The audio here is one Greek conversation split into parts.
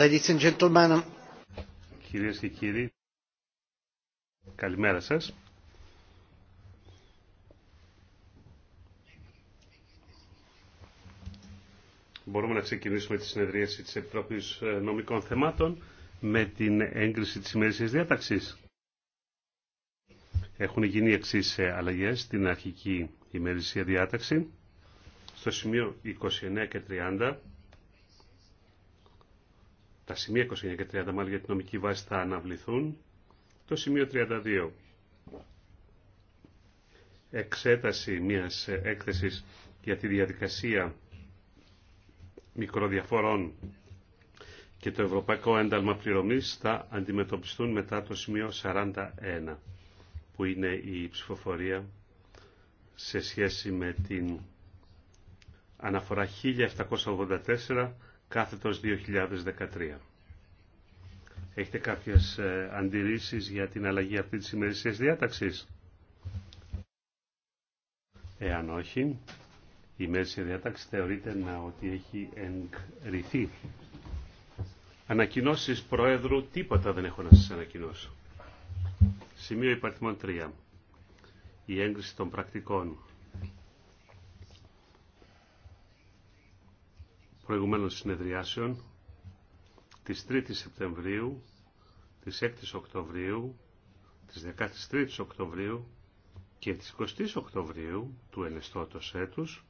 Um, Κυρίες και κύριοι, καλημέρα σας. Μπορούμε να ξεκινήσουμε τη συνεδρίαση της Επιτροπής ε, Νομικών Θεμάτων με την έγκριση της ημέρησης διάταξης. Έχουν γίνει εξή ε, αλλαγές στην αρχική ημερησία διάταξη. Στο σημείο 29 και 30 τα σημεία 29 και 30 μάλλον για την νομική βάση θα αναβληθούν. Το σημείο 32. Εξέταση μιας έκθεσης για τη διαδικασία μικροδιαφορών και το Ευρωπαϊκό Ένταλμα Πληρωμής θα αντιμετωπιστούν μετά το σημείο 41 που είναι η ψηφοφορία σε σχέση με την αναφορά 1784 κάθετος 2013. Έχετε κάποιες ε, αντιρρήσεις για την αλλαγή αυτή της ημερησίας διάταξης. Εάν όχι, η ημερησία διάταξη θεωρείται να ότι έχει εγκριθεί. Ανακοινώσεις Προέδρου, τίποτα δεν έχω να σας ανακοινώσω. Σημείο υπαριθμών 3. Η έγκριση των πρακτικών προηγουμένων συνεδριάσεων της 3ης Σεπτεμβρίου, της 6ης Οκτωβρίου, της 13ης Οκτωβρίου και της 20ης Οκτωβρίου του ενεστώτος έτους,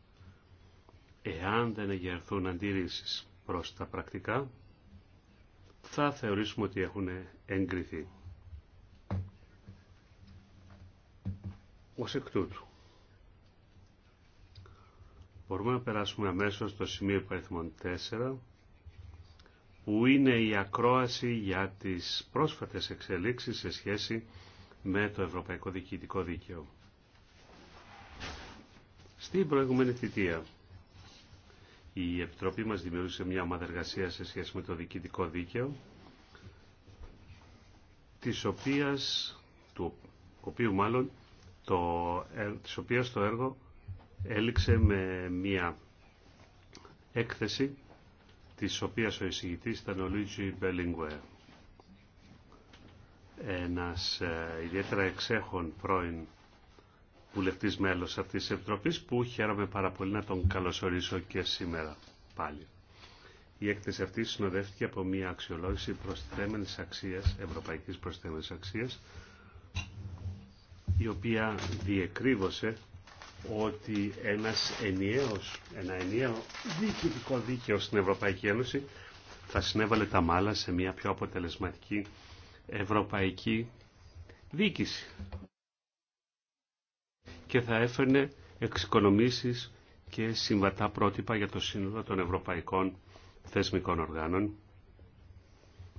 εάν δεν εγερθούν αντιρρήσεις προς τα πρακτικά, θα θεωρήσουμε ότι έχουν εγκριθεί. Ως εκ τούτου, Μπορούμε να περάσουμε αμέσως στο σημείο υπαριθμών 4 που είναι η ακρόαση για τις πρόσφατες εξελίξεις σε σχέση με το Ευρωπαϊκό Διοικητικό Δίκαιο. Στην προηγούμενη θητεία η Επιτροπή μας δημιούργησε μια ομάδα εργασία σε σχέση με το Διοικητικό Δίκαιο της οποίας, του οποίου μάλλον το, ε, της οποίας το έργο έληξε με μια έκθεση της οποίας ο εισηγητής ήταν ο Λίτζι Μπελίνγκουερ. Ένας ε, ιδιαίτερα εξέχων πρώην βουλευτής μέλος αυτής της Επιτροπής που χαίρομαι πάρα πολύ να τον καλωσορίσω και σήμερα πάλι. Η έκθεση αυτή συνοδεύτηκε από μια αξιολόγηση προστιθέμενης αξίας, ευρωπαϊκής προστιθέμενης αξίας, η οποία διεκρύβωσε ότι ένας ενιαίος, ένα ενιαίο διοικητικό δίκαιο στην Ευρωπαϊκή Ένωση θα συνέβαλε τα μάλα σε μια πιο αποτελεσματική ευρωπαϊκή διοίκηση και θα έφερνε εξοικονομήσεις και συμβατά πρότυπα για το σύνολο των ευρωπαϊκών θεσμικών οργάνων,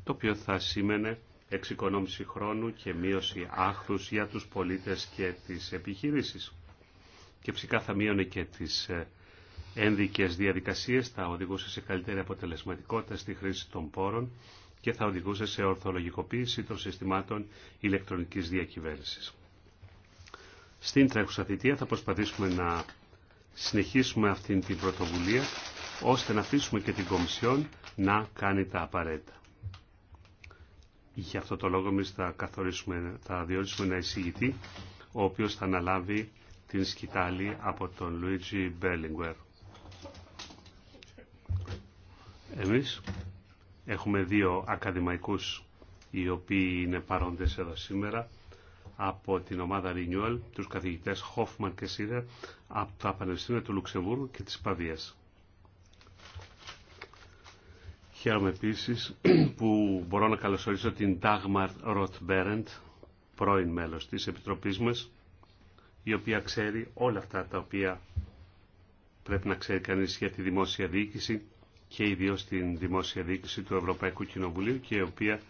το οποίο θα σήμαινε εξοικονόμηση χρόνου και μείωση άχθους για τους πολίτες και τις επιχειρήσεις και φυσικά θα μείωνε και τις ε, ένδικες διαδικασίες, θα οδηγούσε σε καλύτερη αποτελεσματικότητα στη χρήση των πόρων και θα οδηγούσε σε ορθολογικοποίηση των συστημάτων ηλεκτρονικής διακυβέρνησης. Στην τρέχουσα θητεία θα προσπαθήσουμε να συνεχίσουμε αυτήν την πρωτοβουλία ώστε να αφήσουμε και την Κομισιόν να κάνει τα απαραίτητα. Για αυτό το λόγο εμεί θα θα διορίσουμε ένα εισηγητή ο οποίος θα αναλάβει την σκητάλη από τον Λουίτζι Μπέρλιγκουερ. Εμείς έχουμε δύο ακαδημαϊκούς οι οποίοι είναι παρόντες εδώ σήμερα από την ομάδα Renewal, τους καθηγητές Χόφμαν και Σίδερ από τα Πανεπιστήμια του Λουξεμβούργου και της Παδίας. Χαίρομαι επίσης που μπορώ να καλωσορίσω την Dagmar Roth-Berendt, πρώην μέλος της Επιτροπής μας, η οποία ξέρει όλα αυτά τα οποία πρέπει να ξέρει κανείς για τη δημόσια διοίκηση και ιδίως την δημόσια διοίκηση του Ευρωπαϊκού Κοινοβουλίου και η οποία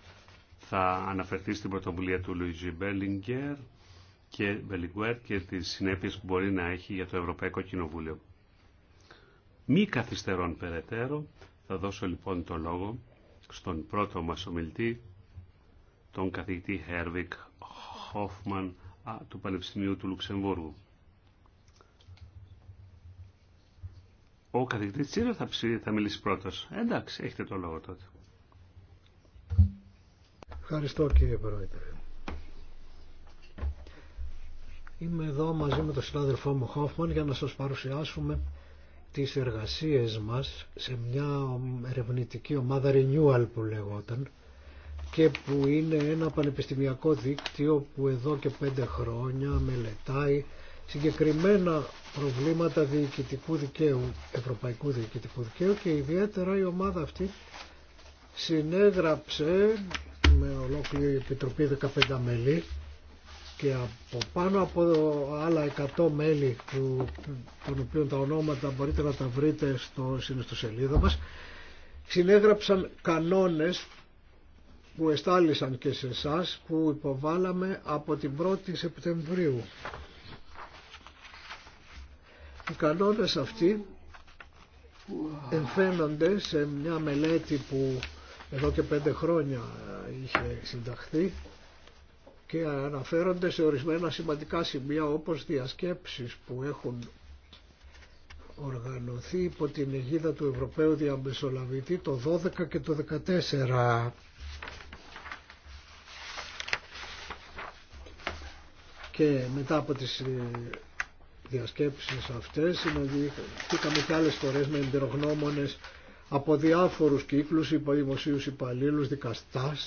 θα αναφερθεί στην πρωτοβουλία του Λουιζι Μπέλιγκερ και Μπελιγκουέρ και τις συνέπειες που μπορεί να έχει για το Ευρωπαϊκό Κοινοβούλιο. Μη καθυστερών περαιτέρω, θα δώσω λοιπόν το λόγο στον πρώτο μας ομιλητή, τον καθηγητή Χέρβικ Χόφμαν του Πανεπιστημίου του Λουξεμβούργου. Ο καθηγητής Τσίρο θα, θα μιλήσει πρώτος. Εντάξει, έχετε το λόγο τότε. Ευχαριστώ κύριε Πρόεδρε. Είμαι εδώ μαζί με τον συνάδελφό μου Χόφμαν για να σας παρουσιάσουμε τις εργασίες μας σε μια ερευνητική ομάδα Renewal που λεγόταν και που είναι ένα πανεπιστημιακό δίκτυο που εδώ και πέντε χρόνια μελετάει συγκεκριμένα προβλήματα διοικητικού δικαίου, ευρωπαϊκού διοικητικού δικαίου και ιδιαίτερα η ομάδα αυτή συνέγραψε με ολόκληρη επιτροπή 15 μελή και από πάνω από άλλα 100 μέλη που, των οποίων τα ονόματα μπορείτε να τα βρείτε στο, στην μας συνέγραψαν κανόνες που εστάλησαν και σε εσά που υποβάλαμε από την 1η Σεπτεμβρίου. Οι κανόνες αυτοί εμφαίνονται σε μια μελέτη που εδώ και πέντε χρόνια είχε συνταχθεί και αναφέρονται σε ορισμένα σημαντικά σημεία όπως διασκέψεις που έχουν οργανωθεί υπό την αιγίδα του Ευρωπαίου Διαμεσολαβητή το 12 και το 14 και μετά από τις ε, διασκέψεις αυτές συναντηθήκαμε και άλλες φορές με εμπειρογνώμονες από διάφορους κύκλους, υποδημοσίους υπαλλήλους, δικαστάς,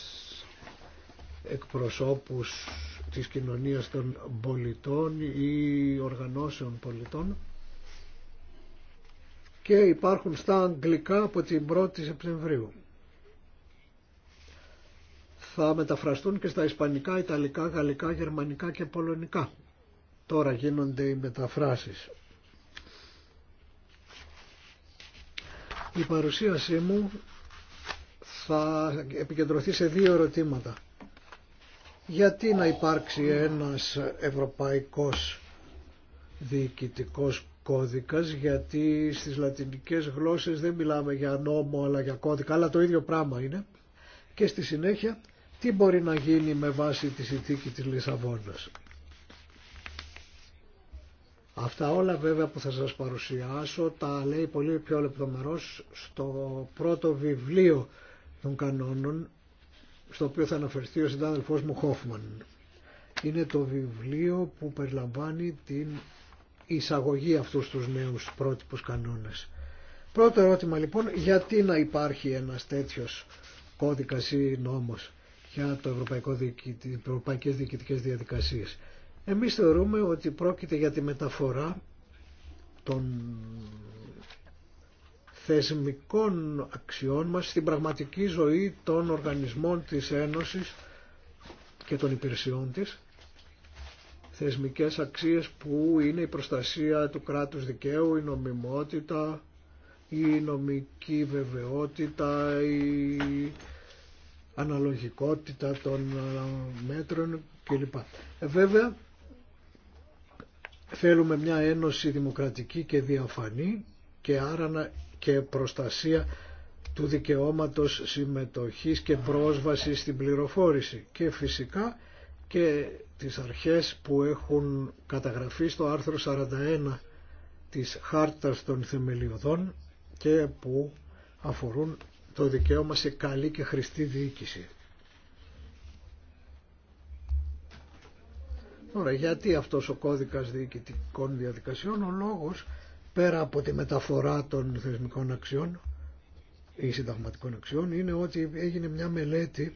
εκπροσώπους της κοινωνίας των πολιτών ή οργανώσεων πολιτών και υπάρχουν στα αγγλικά από την 1η Σεπτεμβρίου θα μεταφραστούν και στα ισπανικά, ιταλικά, γαλλικά, γερμανικά και πολωνικά. Τώρα γίνονται οι μεταφράσεις. Η παρουσίασή μου θα επικεντρωθεί σε δύο ερωτήματα. Γιατί να υπάρξει ένας ευρωπαϊκός διοικητικός κώδικας, γιατί στις λατινικές γλώσσες δεν μιλάμε για νόμο αλλά για κώδικα, αλλά το ίδιο πράγμα είναι. Και στη συνέχεια τι μπορεί να γίνει με βάση τη συνθήκη της Λισαβόνας. Αυτά όλα βέβαια που θα σας παρουσιάσω τα λέει πολύ πιο λεπτομερώς στο πρώτο βιβλίο των κανόνων στο οποίο θα αναφερθεί ο συντάδελφός μου Χόφμαν. Είναι το βιβλίο που περιλαμβάνει την εισαγωγή αυτούς τους νέους πρότυπους κανόνες. Πρώτο ερώτημα λοιπόν, γιατί να υπάρχει ένας τέτοιος κώδικας ή νόμος για το Ευρωπαϊκό Διοικητή, Ευρωπαϊκές Διοικητικές Διαδικασίες. Εμείς θεωρούμε ότι πρόκειται για τη μεταφορά των θεσμικών αξιών μας στην πραγματική ζωή των οργανισμών της Ένωσης και των υπηρεσιών της θεσμικές αξίες που είναι η προστασία του κράτους δικαίου, η νομιμότητα, η νομική βεβαιότητα, αναλογικότητα των ε, μέτρων κλπ. Ε, βέβαια θέλουμε μια ένωση δημοκρατική και διαφανή και άρανα και προστασία του δικαιώματος συμμετοχής και πρόσβασης στην πληροφόρηση και φυσικά και τις αρχές που έχουν καταγραφεί στο άρθρο 41 της Χάρτας των Θεμελιωδών και που αφορούν το δικαίωμα σε καλή και χρηστή διοίκηση. Ωραία, γιατί αυτός ο κώδικας διοικητικών διαδικασιών, ο λόγος, πέρα από τη μεταφορά των θεσμικών αξιών ή συνταγματικών αξιών, είναι ότι έγινε μια μελέτη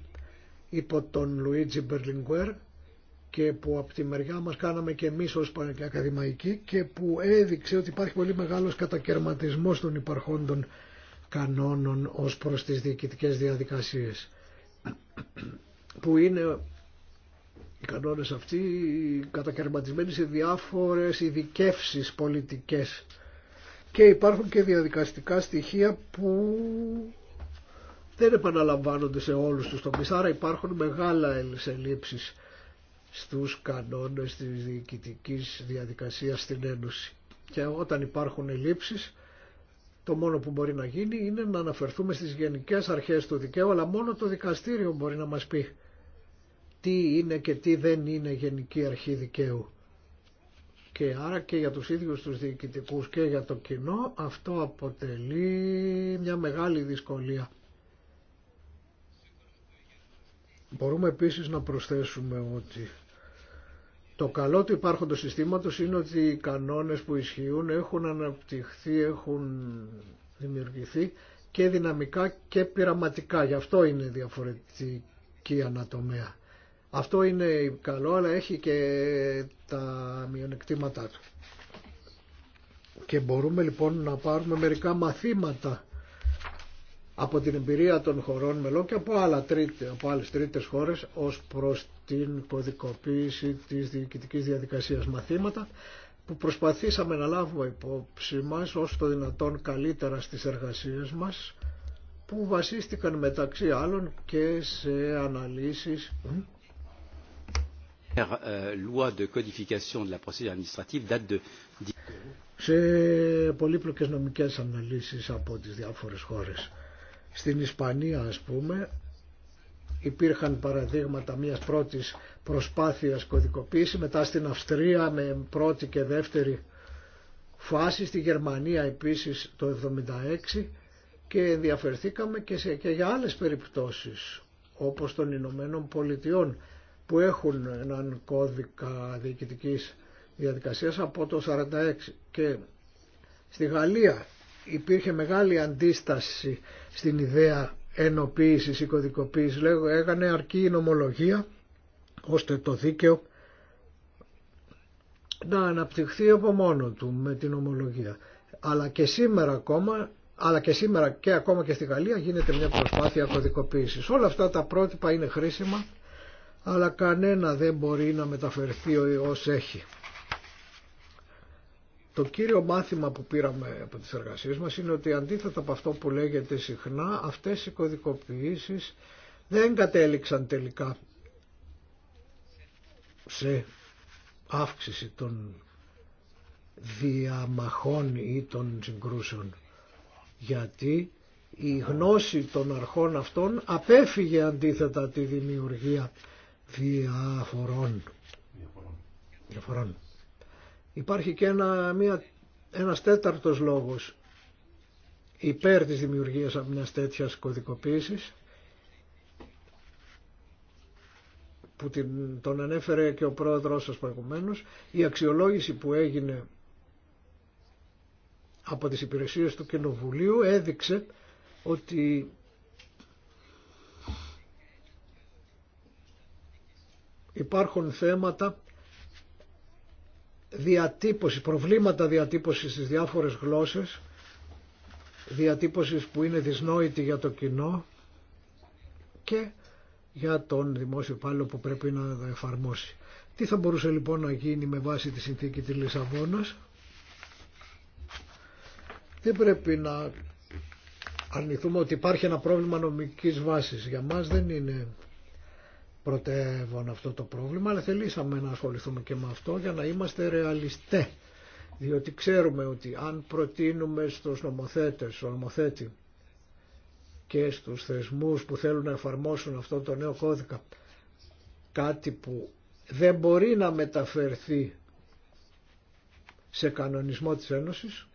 υπό τον Λουίτζι Μπερλιγκουέρ και που από τη μεριά μας κάναμε και εμείς ως πανεκαδημαϊκοί και που έδειξε ότι υπάρχει πολύ μεγάλος κατακαιρματισμός των υπαρχόντων κανόνων ως προς τις διοικητικές διαδικασίες που είναι οι κανόνες αυτοί κατακαιρματισμένοι σε διάφορες ειδικεύσει πολιτικές και υπάρχουν και διαδικαστικά στοιχεία που δεν επαναλαμβάνονται σε όλους τους τομείς άρα υπάρχουν μεγάλα ελλείψεις στους κανόνες της διοικητικής διαδικασίας στην Ένωση και όταν υπάρχουν ελλείψεις το μόνο που μπορεί να γίνει είναι να αναφερθούμε στις γενικές αρχές του δικαίου, αλλά μόνο το δικαστήριο μπορεί να μας πει τι είναι και τι δεν είναι γενική αρχή δικαίου. Και άρα και για τους ίδιους τους διοικητικούς και για το κοινό αυτό αποτελεί μια μεγάλη δυσκολία. Μπορούμε επίσης να προσθέσουμε ότι το καλό του υπάρχοντος συστήματος είναι ότι οι κανόνες που ισχύουν έχουν αναπτυχθεί, έχουν δημιουργηθεί και δυναμικά και πειραματικά. Γι' αυτό είναι διαφορετική ανατομία. Αυτό είναι καλό, αλλά έχει και τα μειονεκτήματά του. Και μπορούμε λοιπόν να πάρουμε μερικά μαθήματα από την εμπειρία των χωρών μελών και από, άλλα τρίτε, από άλλες τρίτες ως προς την κωδικοποίηση της διοικητικής διαδικασία μαθήματα που προσπαθήσαμε να λάβουμε υπόψη μας όσο το δυνατόν καλύτερα στις εργασίες μας που βασίστηκαν μεταξύ άλλων και σε αναλύσεις σε πολύπλοκες νομικές αναλύσεις από τις διάφορες χώρες. Στην Ισπανία, ας πούμε, υπήρχαν παραδείγματα μιας πρώτης προσπάθειας κωδικοποίηση, μετά στην Αυστρία με πρώτη και δεύτερη φάση, στη Γερμανία επίσης το 1976 και ενδιαφερθήκαμε και, σε, και για άλλες περιπτώσεις όπως των Ηνωμένων Πολιτειών που έχουν έναν κώδικα διοικητικής διαδικασίας από το 1946 και στη Γαλλία υπήρχε μεγάλη αντίσταση στην ιδέα ενοποίησης ή κωδικοποίησης λέγω, έγανε αρκεί η κωδικοποιηση λεγω εγανε αρκει ώστε το δίκαιο να αναπτυχθεί από μόνο του με την ομολογία. Αλλά και σήμερα ακόμα, αλλά και σήμερα και ακόμα και στη Γαλλία γίνεται μια προσπάθεια κωδικοποίηση. Όλα αυτά τα πρότυπα είναι χρήσιμα, αλλά κανένα δεν μπορεί να μεταφερθεί ως έχει. Το κύριο μάθημα που πήραμε από τις εργασίες μας είναι ότι αντίθετα από αυτό που λέγεται συχνά, αυτές οι κωδικοποιήσεις δεν κατέληξαν τελικά σε αύξηση των διαμαχών ή των συγκρούσεων. Γιατί η γνώση των αρχών αυτών απέφυγε αντίθετα τη δημιουργία διαφορών. διαφορών. Υπάρχει και ένα, μια, ένας τέταρτος λόγος υπέρ της δημιουργίας μια τέτοιας κωδικοποίησης που τον ανέφερε και ο πρόεδρος σας προηγουμένως η αξιολόγηση που έγινε από τις υπηρεσίες του Κοινοβουλίου έδειξε ότι υπάρχουν θέματα διατύπωση, προβλήματα διατύπωσης στις διάφορες γλώσσες, διατύπωσης που είναι δυσνόητη για το κοινό και για τον δημόσιο υπάλληλο που πρέπει να εφαρμόσει. Τι θα μπορούσε λοιπόν να γίνει με βάση τη συνθήκη της Λισαβόνας. Δεν πρέπει να αρνηθούμε ότι υπάρχει ένα πρόβλημα νομικής βάσης. Για μας δεν είναι πρωτεύον αυτό το πρόβλημα, αλλά θελήσαμε να ασχοληθούμε και με αυτό για να είμαστε ρεαλιστέ. Διότι ξέρουμε ότι αν προτείνουμε στους νομοθέτες, στους νομοθέτη και στους θεσμούς που θέλουν να εφαρμόσουν αυτό το νέο κώδικα κάτι που δεν μπορεί να μεταφερθεί σε κανονισμό της Ένωσης,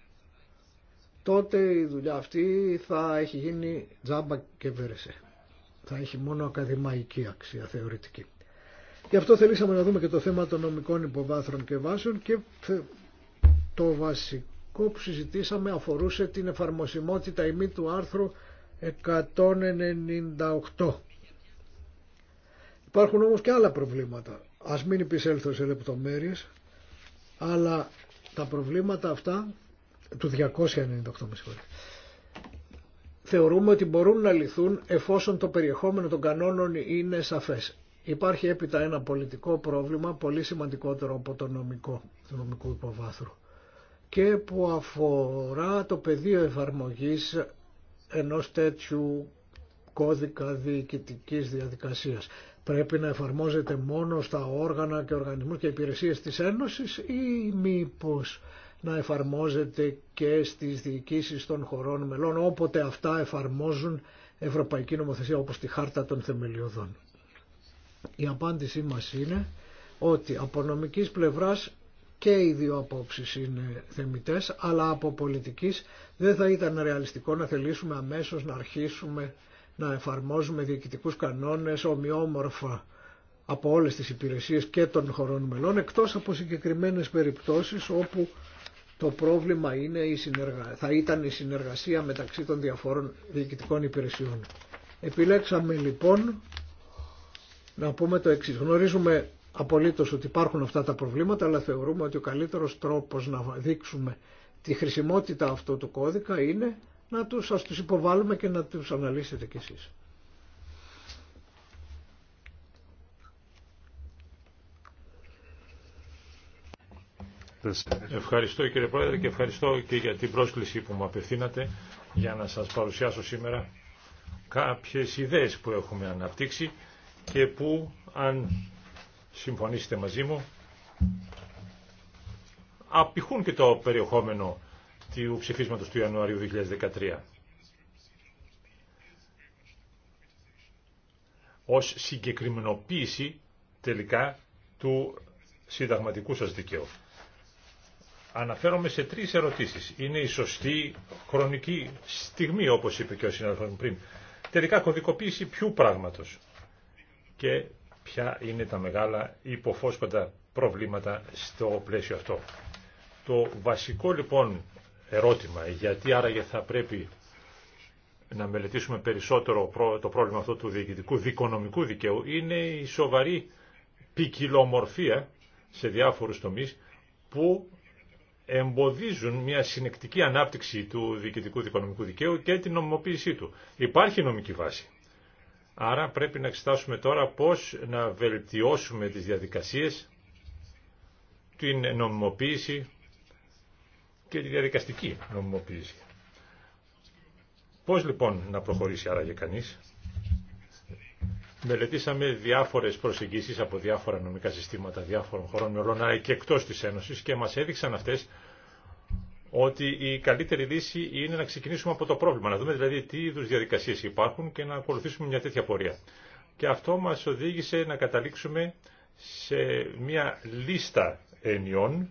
τότε η δουλειά αυτή θα έχει γίνει τζάμπα και βέρεσε θα έχει μόνο ακαδημαϊκή αξία θεωρητική. Γι' αυτό θελήσαμε να δούμε και το θέμα των νομικών υποβάθρων και βάσεων και το βασικό που συζητήσαμε αφορούσε την εφαρμοσιμότητα ημί του άρθρου 198. Υπάρχουν όμως και άλλα προβλήματα. Ας μην υπησέλθω σε λεπτομέρειες, αλλά τα προβλήματα αυτά του 298 με θεωρούμε ότι μπορούν να λυθούν εφόσον το περιεχόμενο των κανόνων είναι σαφές. Υπάρχει έπειτα ένα πολιτικό πρόβλημα, πολύ σημαντικότερο από το νομικό, του νομικού υποβάθρου και που αφορά το πεδίο εφαρμογής ενός τέτοιου κώδικα διοικητικής διαδικασίας. Πρέπει να εφαρμόζεται μόνο στα όργανα και οργανισμούς και υπηρεσίες της Ένωσης ή μήπως να εφαρμόζεται και στις διοικήσεις των χωρών μελών όποτε αυτά εφαρμόζουν ευρωπαϊκή νομοθεσία όπως τη Χάρτα των Θεμελιωδών. Η απάντησή μας είναι ότι από νομικής πλευράς και οι δύο απόψεις είναι θεμητές, αλλά από πολιτικής δεν θα ήταν ρεαλιστικό να θελήσουμε αμέσως να αρχίσουμε να εφαρμόζουμε διοικητικούς κανόνες ομοιόμορφα από όλες τις υπηρεσίες και των χωρών μελών, εκτός από συγκεκριμένες περιπτώσεις όπου το πρόβλημα είναι η συνεργα... θα ήταν η συνεργασία μεταξύ των διαφόρων διοικητικών υπηρεσιών. Επιλέξαμε λοιπόν να πούμε το εξής. Γνωρίζουμε απολύτως ότι υπάρχουν αυτά τα προβλήματα, αλλά θεωρούμε ότι ο καλύτερος τρόπος να δείξουμε τη χρησιμότητα αυτού του κώδικα είναι να τους, του υποβάλουμε και να τους αναλύσετε κι εσείς. Ευχαριστώ κύριε Πρόεδρε και ευχαριστώ και για την πρόσκληση που μου απευθύνατε για να σας παρουσιάσω σήμερα κάποιες ιδέες που έχουμε αναπτύξει και που αν συμφωνήσετε μαζί μου απηχούν και το περιεχόμενο του ψηφίσματος του Ιανουαρίου 2013. ως συγκεκριμενοποίηση τελικά του συνταγματικού σας δικαίου. Αναφέρομαι σε τρεις ερωτήσεις. Είναι η σωστή χρονική στιγμή, όπως είπε και ο συνάδελφος μου πριν. Τελικά κωδικοποίηση ποιου πράγματος και ποια είναι τα μεγάλα υποφόσπαντα προβλήματα στο πλαίσιο αυτό. Το βασικό λοιπόν ερώτημα, γιατί άραγε θα πρέπει να μελετήσουμε περισσότερο το πρόβλημα αυτό του διοικητικού δικονομικού δικαίου, είναι η σοβαρή ποικιλομορφία σε διάφορους τομείς που εμποδίζουν μια συνεκτική ανάπτυξη του διοικητικού δικονομικού δικαίου και την νομιμοποίησή του. Υπάρχει νομική βάση. Άρα πρέπει να εξετάσουμε τώρα πώς να βελτιώσουμε τις διαδικασίες, την νομιμοποίηση και τη διαδικαστική νομιμοποίηση. Πώς λοιπόν να προχωρήσει άραγε κανείς. Μελετήσαμε διάφορες προσεγγίσεις από διάφορα νομικά συστήματα διάφορων χωρών μελών, αλλά και εκτός της Ένωσης και μας έδειξαν αυτές ότι η καλύτερη λύση είναι να ξεκινήσουμε από το πρόβλημα, να δούμε δηλαδή τι είδους διαδικασίες υπάρχουν και να ακολουθήσουμε μια τέτοια πορεία. Και αυτό μας οδήγησε να καταλήξουμε σε μια λίστα ενιών,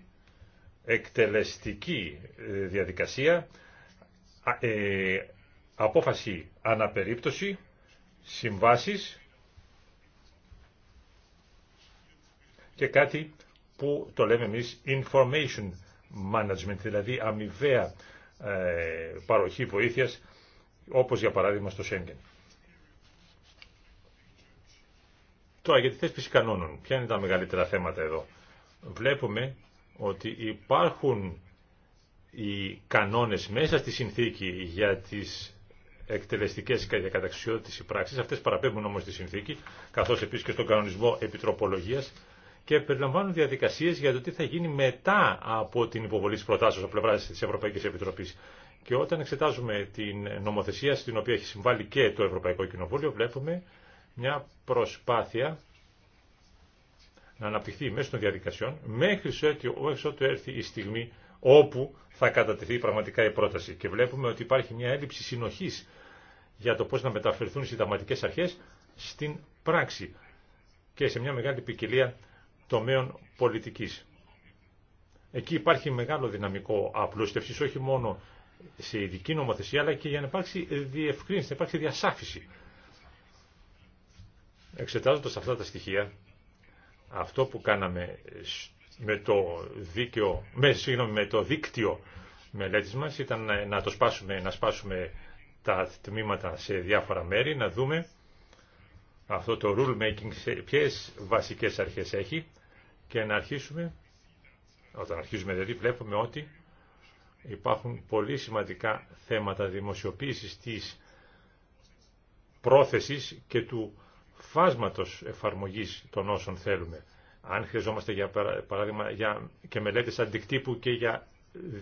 εκτελεστική ε, διαδικασία, ε, απόφαση αναπερίπτωση, συμβάσεις και κάτι που το λέμε εμείς information management, δηλαδή αμοιβαία ε, παροχή βοήθειας, όπως για παράδειγμα στο Schengen. Τώρα για τη θέσπιση κανόνων, ποια είναι τα μεγαλύτερα θέματα εδώ. Βλέπουμε ότι υπάρχουν οι κανόνες μέσα στη συνθήκη για τις εκτελεστικές και καταξιότητες πράξεις, αυτές παραπέμπουν όμως στη συνθήκη, καθώς επίσης και στον κανονισμό επιτροπολογίας, και περιλαμβάνουν διαδικασίες για το τι θα γίνει μετά από την υποβολή της προτάσεως από πλευρά της Ευρωπαϊκής Επιτροπής. Και όταν εξετάζουμε την νομοθεσία στην οποία έχει συμβάλει και το Ευρωπαϊκό Κοινοβούλιο, βλέπουμε μια προσπάθεια να αναπτυχθεί μέσω των διαδικασιών μέχρι ότου έρθει η στιγμή όπου θα κατατεθεί πραγματικά η πρόταση. Και βλέπουμε ότι υπάρχει μια έλλειψη συνοχής για το πώς να μεταφερθούν οι συνταγματικές αρχές στην πράξη και σε μια μεγάλη ποικιλία τομέων πολιτικής. Εκεί υπάρχει μεγάλο δυναμικό απλούστευσης, όχι μόνο σε ειδική νομοθεσία, αλλά και για να υπάρξει διευκρίνηση, να υπάρξει διασάφηση. Εξετάζοντας αυτά τα στοιχεία, αυτό που κάναμε με το, δίκαιο, με, συγγνώμη, με το δίκτυο μελέτης μας ήταν να το σπάσουμε, να σπάσουμε τα τμήματα σε διάφορα μέρη, να δούμε αυτό το rule making, ποιες βασικές αρχές έχει, και να αρχίσουμε, όταν αρχίζουμε δηλαδή βλέπουμε ότι υπάρχουν πολύ σημαντικά θέματα δημοσιοποίησης της πρόθεσης και του φάσματος εφαρμογής των όσων θέλουμε. Αν χρειαζόμαστε για παράδειγμα για και μελέτες αντικτύπου και για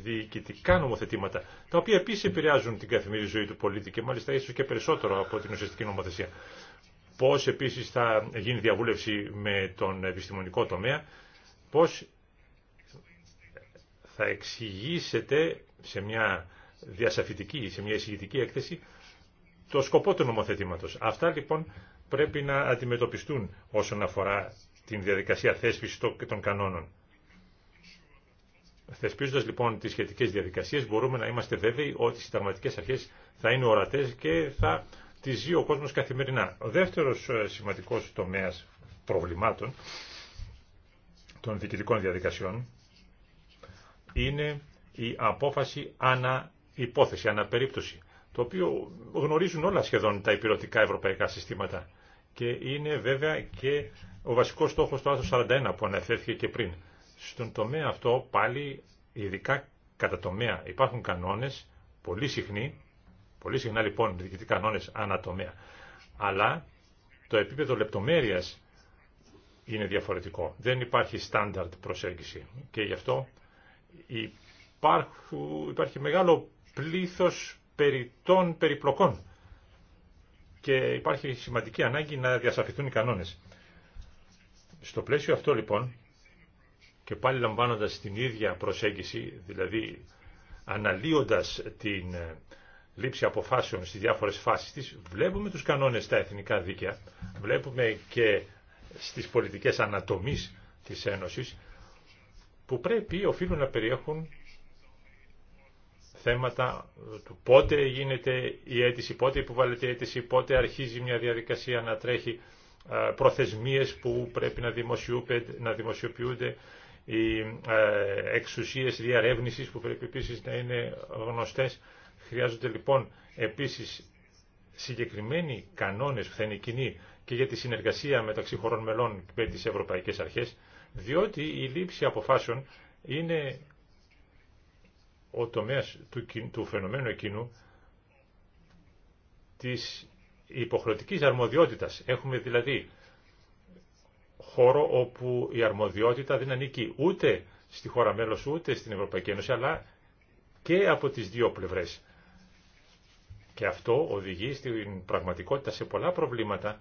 διοικητικά νομοθετήματα, τα οποία επίσης επηρεάζουν την καθημερινή ζωή του πολίτη και μάλιστα ίσως και περισσότερο από την ουσιαστική νομοθεσία πώς επίσης θα γίνει διαβούλευση με τον επιστημονικό τομέα, πώς θα εξηγήσετε σε μια διασαφητική, σε μια εισηγητική έκθεση το σκοπό του νομοθετήματος. Αυτά λοιπόν πρέπει να αντιμετωπιστούν όσον αφορά την διαδικασία θέσπισης των κανόνων. Θεσπίζοντας λοιπόν τις σχετικές διαδικασίες μπορούμε να είμαστε βέβαιοι ότι οι συνταγματικές αρχές θα είναι ορατές και θα τη ζει ο κόσμος καθημερινά. Ο δεύτερος ε, σημαντικός τομέας προβλημάτων των διοικητικών διαδικασιών είναι η απόφαση ανά υπόθεση, ανά περίπτωση, το οποίο γνωρίζουν όλα σχεδόν τα υπηρετικά ευρωπαϊκά συστήματα και είναι βέβαια και ο βασικός στόχος του άρθρου 41 που αναφέρθηκε και πριν. Στον τομέα αυτό πάλι ειδικά κατά τομέα υπάρχουν κανόνες πολύ συχνοί Πολύ συχνά λοιπόν διοικητικοί κανόνες ανατομέα. Αλλά το επίπεδο λεπτομέρειας είναι διαφορετικό. Δεν υπάρχει στάνταρτ προσέγγιση και γι' αυτό υπάρχει μεγάλο πλήθος περιττών περιπλοκών και υπάρχει σημαντική ανάγκη να διασαφηθούν οι κανόνες. Στο πλαίσιο αυτό λοιπόν και πάλι λαμβάνοντας την ίδια προσέγγιση, δηλαδή αναλύοντας την λήψη αποφάσεων στις διάφορες φάσεις της, βλέπουμε τους κανόνες στα εθνικά δίκαια, βλέπουμε και στις πολιτικές ανατομής της Ένωσης, που πρέπει, οφείλουν να περιέχουν θέματα του πότε γίνεται η αίτηση, πότε υποβάλλεται η αίτηση, πότε αρχίζει μια διαδικασία να τρέχει, προθεσμίες που πρέπει να δημοσιοποιούνται, να δημοσιοποιούνται οι ε, εξουσίες διαρεύνησης που πρέπει επίσης να είναι γνωστές Χρειάζονται λοιπόν επίσης συγκεκριμένοι κανόνες που θα είναι κοινοί και για τη συνεργασία μεταξύ χωρών μελών και τις ευρωπαϊκές αρχές, διότι η λήψη αποφάσεων είναι ο τομέας του, του φαινομένου εκείνου της υποχρεωτικής αρμοδιότητας. Έχουμε δηλαδή χώρο όπου η αρμοδιότητα δεν ανήκει ούτε στη χώρα μέλος ούτε στην Ευρωπαϊκή Ένωση αλλά και από τις δύο πλευρές. Και αυτό οδηγεί στην πραγματικότητα σε πολλά προβλήματα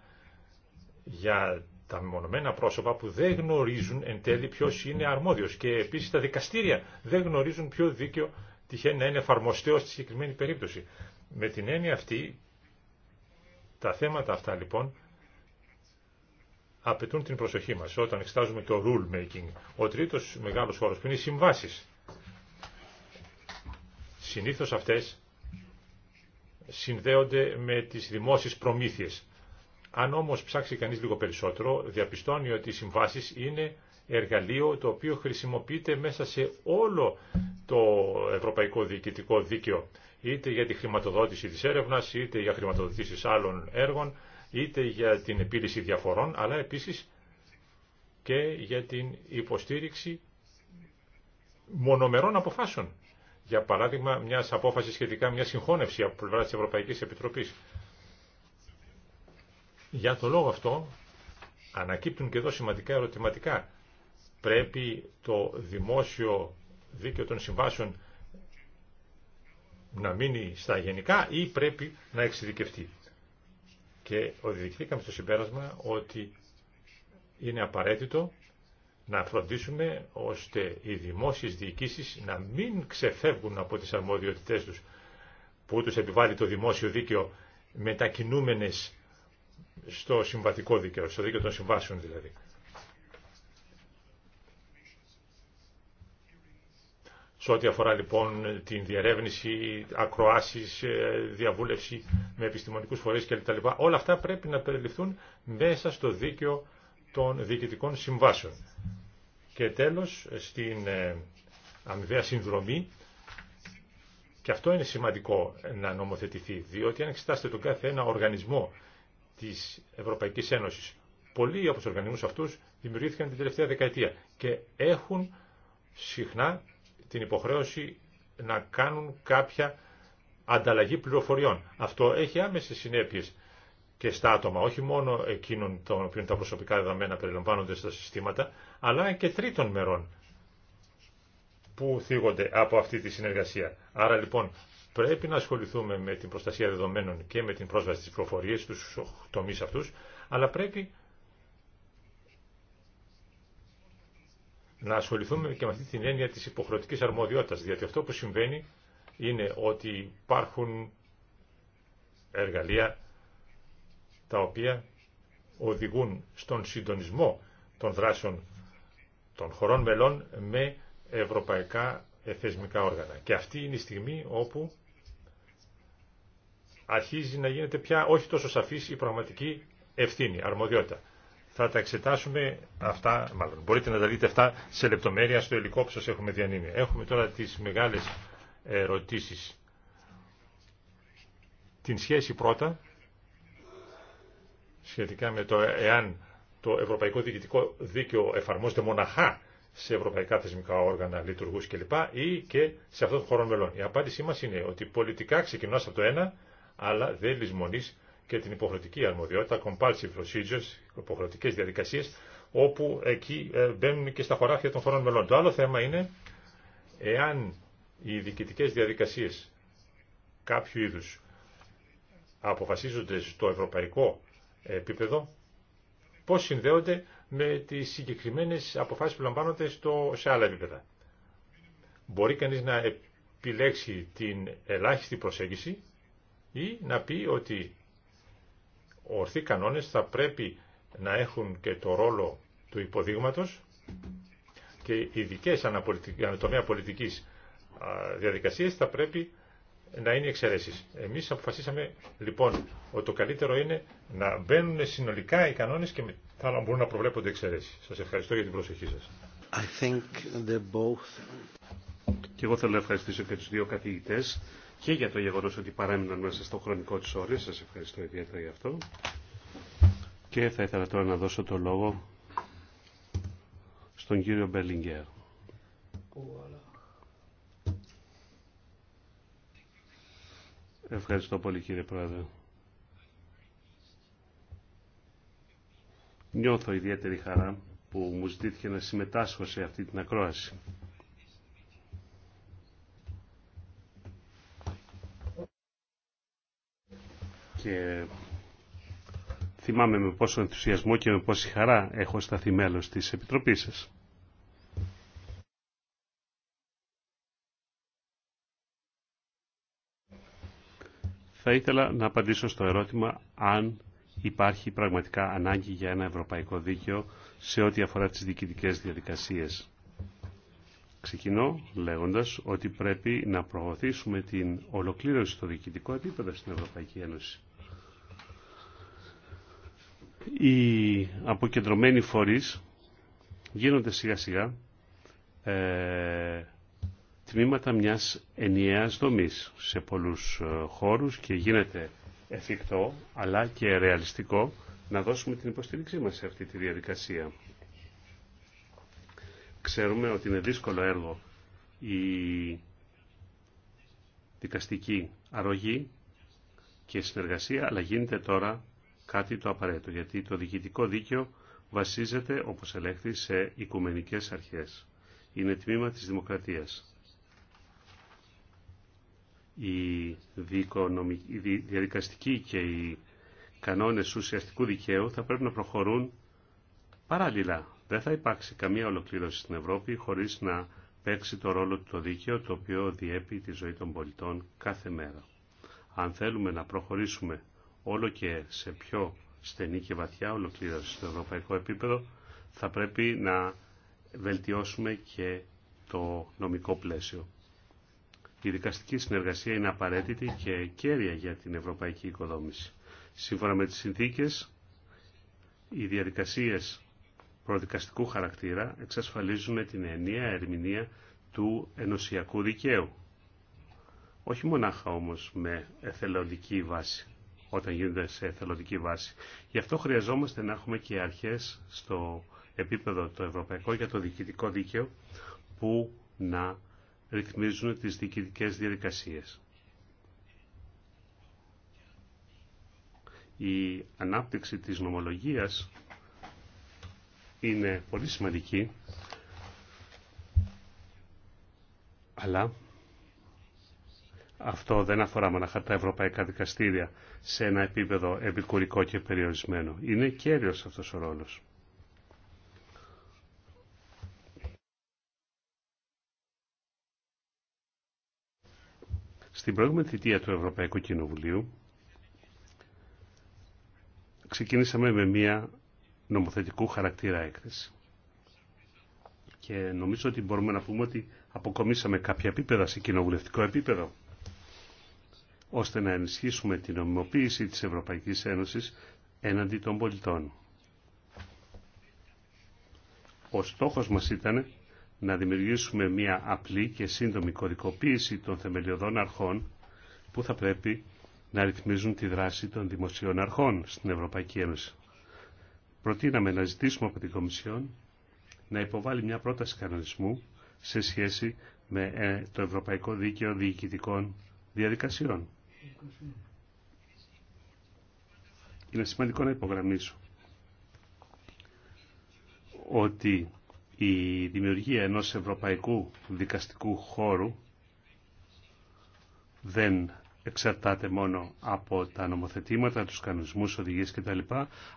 για τα μεμονωμένα πρόσωπα που δεν γνωρίζουν εν τέλει ποιο είναι αρμόδιος και επίσης τα δικαστήρια δεν γνωρίζουν ποιο δίκαιο τυχαίνει να είναι εφαρμοστέο στη συγκεκριμένη περίπτωση. Με την έννοια αυτή, τα θέματα αυτά λοιπόν απαιτούν την προσοχή μας όταν εξετάζουμε το rule making. Ο τρίτος μεγάλος χώρος που είναι οι συμβάσεις. Συνήθως αυτές συνδέονται με τις δημόσιες προμήθειες. Αν όμως ψάξει κανείς λίγο περισσότερο, διαπιστώνει ότι οι συμβάσεις είναι εργαλείο το οποίο χρησιμοποιείται μέσα σε όλο το ευρωπαϊκό διοικητικό δίκαιο, είτε για τη χρηματοδότηση της έρευνας, είτε για χρηματοδοτήσεις άλλων έργων, είτε για την επίλυση διαφορών, αλλά επίσης και για την υποστήριξη μονομερών αποφάσεων για παράδειγμα, μια απόφαση σχετικά μια συγχώνευση από πλευρά τη Ευρωπαϊκή Επιτροπή. Για το λόγο αυτό ανακύπτουν και εδώ σημαντικά ερωτηματικά. Πρέπει το δημόσιο δίκαιο των συμβάσεων να μείνει στα γενικά ή πρέπει να εξειδικευτεί. Και οδηγηθήκαμε στο συμπέρασμα ότι είναι απαραίτητο να φροντίσουμε ώστε οι δημόσιες διοικήσεις να μην ξεφεύγουν από τις αρμοδιότητές τους που τους επιβάλλει το δημόσιο δίκαιο μετακινούμενες στο συμβατικό δίκαιο, στο δίκαιο των συμβάσεων δηλαδή. Σε ό,τι αφορά λοιπόν την διερεύνηση, ακροάσεις, ε, διαβούλευση με επιστημονικούς φορείς κλπ. Όλα αυτά πρέπει να περιληφθούν μέσα στο δίκαιο των διοικητικών συμβάσεων. Και τέλος, στην ε, αμοιβαία συνδρομή, και αυτό είναι σημαντικό να νομοθετηθεί, διότι αν εξετάσετε τον κάθε ένα οργανισμό της Ευρωπαϊκής Ένωσης, πολλοί από τους οργανισμούς αυτούς δημιουργήθηκαν την τελευταία δεκαετία και έχουν συχνά την υποχρέωση να κάνουν κάποια ανταλλαγή πληροφοριών. Αυτό έχει άμεσες συνέπειες και στα άτομα, όχι μόνο εκείνων των οποίων τα προσωπικά δεδομένα περιλαμβάνονται στα συστήματα, αλλά και τρίτων μερών που θίγονται από αυτή τη συνεργασία. Άρα λοιπόν πρέπει να ασχοληθούμε με την προστασία δεδομένων και με την πρόσβαση της προφορίας στους τομείς αυτούς, αλλά πρέπει να ασχοληθούμε και με αυτή την έννοια της υποχρεωτικής αρμοδιότητας, διότι αυτό που συμβαίνει είναι ότι υπάρχουν εργαλεία τα οποία οδηγούν στον συντονισμό των δράσεων των χωρών μελών με ευρωπαϊκά θεσμικά όργανα. Και αυτή είναι η στιγμή όπου αρχίζει να γίνεται πια όχι τόσο σαφής η πραγματική ευθύνη, αρμοδιότητα. Θα τα εξετάσουμε αυτά, μάλλον μπορείτε να τα δείτε αυτά σε λεπτομέρεια στο υλικό που σας έχουμε διανύμει. Έχουμε τώρα τις μεγάλες ερωτήσεις. Την σχέση πρώτα, σχετικά με το εάν το Ευρωπαϊκό Διοικητικό Δίκαιο εφαρμόζεται μοναχά σε ευρωπαϊκά θεσμικά όργανα, λειτουργού κλπ. ή και σε αυτό το χώρο μελών. Η απάντησή μα είναι ότι πολιτικά ξεκινά από το ένα, αλλά δεν λησμονεί και την υποχρεωτική αρμοδιότητα, compulsive procedures, υποχρεωτικέ διαδικασίε, όπου εκεί ε, μπαίνουν και στα χωράφια των χωρών μελών. Το άλλο θέμα είναι εάν οι διοικητικέ διαδικασίε κάποιου είδου αποφασίζονται στο ευρωπαϊκό επίπεδο, πώς συνδέονται με τις συγκεκριμένες αποφάσεις που λαμβάνονται στο, σε άλλα επίπεδα. Μπορεί κανείς να επιλέξει την ελάχιστη προσέγγιση ή να πει ότι ορθοί κανόνες θα πρέπει να έχουν και το ρόλο του υποδείγματος και ειδικέ ανατομέα πολιτικής διαδικασίας θα πρέπει να είναι εξαιρέσει. Εμεί αποφασίσαμε λοιπόν ότι το καλύτερο είναι να μπαίνουν συνολικά οι κανόνε και θα να μπορούν να προβλέπονται εξαιρέσει. Σα ευχαριστώ για την προσοχή σα. both... Και εγώ θέλω να ευχαριστήσω και του δύο καθηγητέ και για το γεγονό ότι παρέμειναν μέσα στο χρονικό τη ώρας. Σα ευχαριστώ ιδιαίτερα για αυτό. Και θα ήθελα τώρα να δώσω το λόγο στον κύριο well. Ευχαριστώ πολύ κύριε Πρόεδρε. Νιώθω ιδιαίτερη χαρά που μου ζητήθηκε να συμμετάσχω σε αυτή την ακρόαση. Και θυμάμαι με πόσο ενθουσιασμό και με πόση χαρά έχω σταθεί μέλος της Επιτροπής σας. Θα ήθελα να απαντήσω στο ερώτημα αν υπάρχει πραγματικά ανάγκη για ένα ευρωπαϊκό δίκαιο σε ό,τι αφορά τις διοικητικές διαδικασίες. Ξεκινώ λέγοντας ότι πρέπει να προωθήσουμε την ολοκλήρωση στο διοικητικό επίπεδο στην Ευρωπαϊκή Ένωση. Οι αποκεντρωμένοι φορείς γίνονται σιγά σιγά ε, τμήματα μιας ενιαίας δομής σε πολλούς ε, χώρους και γίνεται εφικτό αλλά και ρεαλιστικό να δώσουμε την υποστήριξή μας σε αυτή τη διαδικασία. Ξέρουμε ότι είναι δύσκολο έργο η δικαστική αρρωγή και συνεργασία, αλλά γίνεται τώρα κάτι το απαραίτητο, γιατί το διοικητικό δίκαιο βασίζεται, όπως ελέγχθη, σε οικουμενικές αρχές. Είναι τμήμα της δημοκρατίας η διαδικαστική και οι κανόνες ουσιαστικού δικαίου θα πρέπει να προχωρούν παράλληλα. Δεν θα υπάρξει καμία ολοκλήρωση στην Ευρώπη χωρίς να παίξει το ρόλο του το δίκαιο το οποίο διέπει τη ζωή των πολιτών κάθε μέρα. Αν θέλουμε να προχωρήσουμε όλο και σε πιο στενή και βαθιά ολοκλήρωση στο ευρωπαϊκό επίπεδο, θα πρέπει να βελτιώσουμε και το νομικό πλαίσιο. Η δικαστική συνεργασία είναι απαραίτητη και κέρια για την ευρωπαϊκή οικοδόμηση. Σύμφωνα με τις συνθήκες, οι διαδικασίες προδικαστικού χαρακτήρα εξασφαλίζουν την ενιαία ερμηνεία του ενωσιακού δικαίου. Όχι μονάχα όμως με εθελοντική βάση, όταν γίνονται σε εθελοντική βάση. Γι' αυτό χρειαζόμαστε να έχουμε και αρχές στο επίπεδο το ευρωπαϊκό για το διοικητικό δίκαιο που να ρυθμίζουν τις διοικητικές διαδικασίες. Η ανάπτυξη της νομολογίας είναι πολύ σημαντική, αλλά αυτό δεν αφορά μόνο τα ευρωπαϊκά δικαστήρια σε ένα επίπεδο επικουρικό και περιορισμένο. Είναι κέριος αυτός ο ρόλος. Στην προηγούμενη θητεία του Ευρωπαϊκού Κοινοβουλίου ξεκίνησαμε με μία νομοθετικού χαρακτήρα έκθεση. Και νομίζω ότι μπορούμε να πούμε ότι αποκομίσαμε κάποια επίπεδα σε κοινοβουλευτικό επίπεδο ώστε να ενισχύσουμε την νομιμοποίηση της Ευρωπαϊκής Ένωσης έναντι των πολιτών. Ο στόχος μας ήταν να δημιουργήσουμε μια απλή και σύντομη κωδικοποίηση των θεμελιωδών αρχών που θα πρέπει να ρυθμίζουν τη δράση των δημοσίων αρχών στην Ευρωπαϊκή Ένωση. Προτείναμε να ζητήσουμε από την Κομισιόν να υποβάλει μια πρόταση κανονισμού σε σχέση με ε, το Ευρωπαϊκό Δίκαιο Διοικητικών Διαδικασιών. Είναι σημαντικό να υπογραμμίσω ότι η δημιουργία ενός ευρωπαϊκού δικαστικού χώρου δεν εξαρτάται μόνο από τα νομοθετήματα, τους κανονισμούς, οδηγίες κτλ.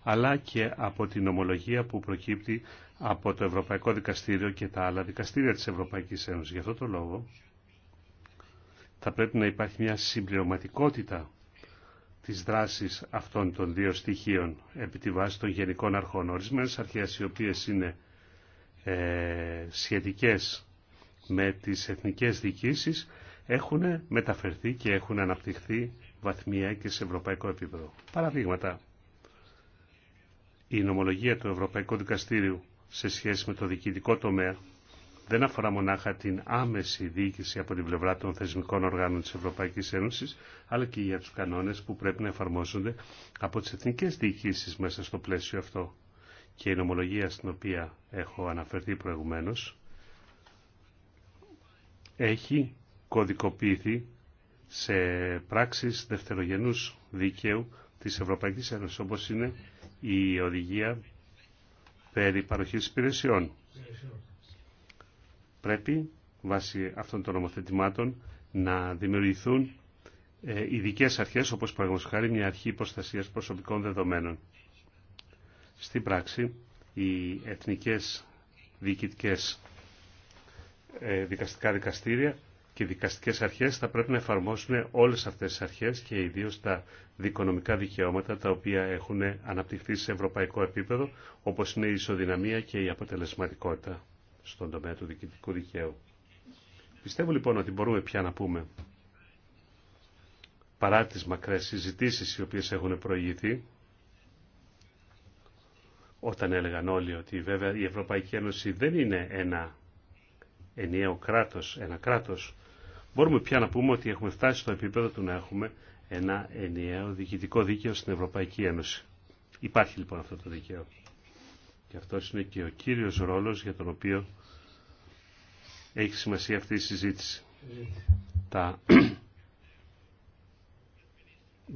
αλλά και από την ομολογία που προκύπτει από το Ευρωπαϊκό Δικαστήριο και τα άλλα δικαστήρια της Ευρωπαϊκής Ένωσης. Γι' αυτό το λόγο θα πρέπει να υπάρχει μια συμπληρωματικότητα της δράσης αυτών των δύο στοιχείων επί τη βάση των γενικών αρχών. Ορισμένες αρχές οι οποίες είναι ε, σχετικές με τις εθνικές διοικήσεις έχουν μεταφερθεί και έχουν αναπτυχθεί βαθμία και σε ευρωπαϊκό επίπεδο. Παραδείγματα. Η νομολογία του Ευρωπαϊκού Δικαστήριου σε σχέση με το διοικητικό τομέα δεν αφορά μονάχα την άμεση διοίκηση από την πλευρά των θεσμικών οργάνων της Ευρωπαϊκής Ένωσης, αλλά και για τους κανόνες που πρέπει να εφαρμόζονται από τις εθνικές διοικήσεις μέσα στο πλαίσιο αυτό και η νομολογία στην οποία έχω αναφερθεί προηγουμένως έχει κωδικοποιηθεί σε πράξεις δευτερογενούς δικαίου της Ευρωπαϊκής Ένωσης όπως είναι η οδηγία περί παροχής υπηρεσιών. Πρέπει βάσει αυτών των νομοθετημάτων να δημιουργηθούν ε, ειδικέ αρχές όπως παραγωγικά μια αρχή προστασίας προσωπικών δεδομένων. Στην πράξη, οι εθνικές διοικητικές ε, δικαστικά δικαστήρια και δικαστικές αρχές θα πρέπει να εφαρμόσουν όλες αυτές τις αρχές και ιδίως τα δικονομικά δικαιώματα τα οποία έχουν αναπτυχθεί σε ευρωπαϊκό επίπεδο όπως είναι η ισοδυναμία και η αποτελεσματικότητα στον τομέα του διοικητικού δικαίου. Πιστεύω λοιπόν ότι μπορούμε πια να πούμε παρά τις μακρές συζητήσεις οι οποίες έχουν προηγηθεί όταν έλεγαν όλοι ότι βέβαια η Ευρωπαϊκή Ένωση δεν είναι ένα ενιαίο κράτος, ένα κράτος, μπορούμε πια να πούμε ότι έχουμε φτάσει στο επίπεδο του να έχουμε ένα ενιαίο διοικητικό δίκαιο στην Ευρωπαϊκή Ένωση. Υπάρχει λοιπόν αυτό το δίκαιο. Και αυτό είναι και ο κύριος ρόλος για τον οποίο έχει σημασία αυτή η συζήτηση. Τα...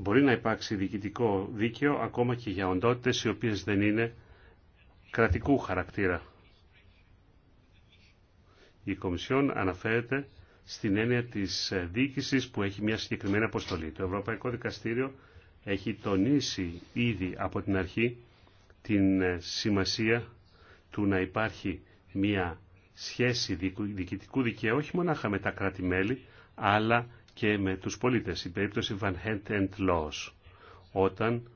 Μπορεί να υπάρξει διοικητικό δίκαιο ακόμα και για οντότητες οι οποίες δεν είναι κρατικού χαρακτήρα. Η Κομισιόν αναφέρεται στην έννοια της διοίκησης που έχει μια συγκεκριμένη αποστολή. Το Ευρωπαϊκό Δικαστήριο έχει τονίσει ήδη από την αρχή την ε, σημασία του να υπάρχει μια σχέση διοικητικού δικαίου όχι μονάχα με τα κράτη-μέλη αλλά και με τους πολίτες. Η περίπτωση Van and Laws όταν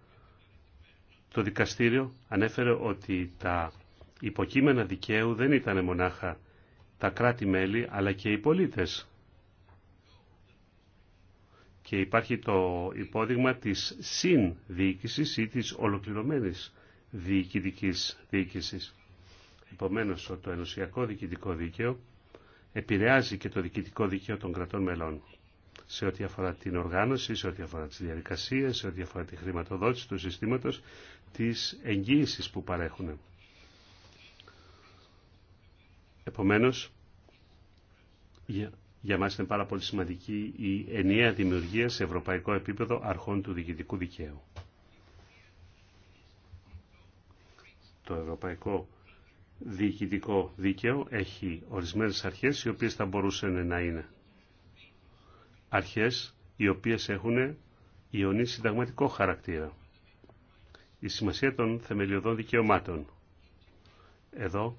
το δικαστήριο ανέφερε ότι τα υποκείμενα δικαίου δεν ήταν μονάχα τα κράτη-μέλη αλλά και οι πολίτες. Και υπάρχει το υπόδειγμα της συνδιοίκησης ή της ολοκληρωμένης διοικητικής διοίκησης. Επομένως, το ενωσιακό διοικητικό δίκαιο επηρεάζει και το διοικητικό δίκαιο των κρατών μελών σε ό,τι αφορά την οργάνωση, σε ό,τι αφορά τις διαδικασίες, σε ό,τι αφορά τη χρηματοδότηση του συστήματος, τις εγγύησεις που παρέχουν. Επομένως, για, για μας είναι πάρα πολύ σημαντική η ενιαία δημιουργία σε ευρωπαϊκό επίπεδο αρχών του διοικητικού δικαίου. Το ευρωπαϊκό διοικητικό δίκαιο έχει ορισμένες αρχές οι οποίες θα μπορούσαν να είναι αρχές οι οποίες έχουν ιονή συνταγματικό χαρακτήρα. Η σημασία των θεμελιωδών δικαιωμάτων. Εδώ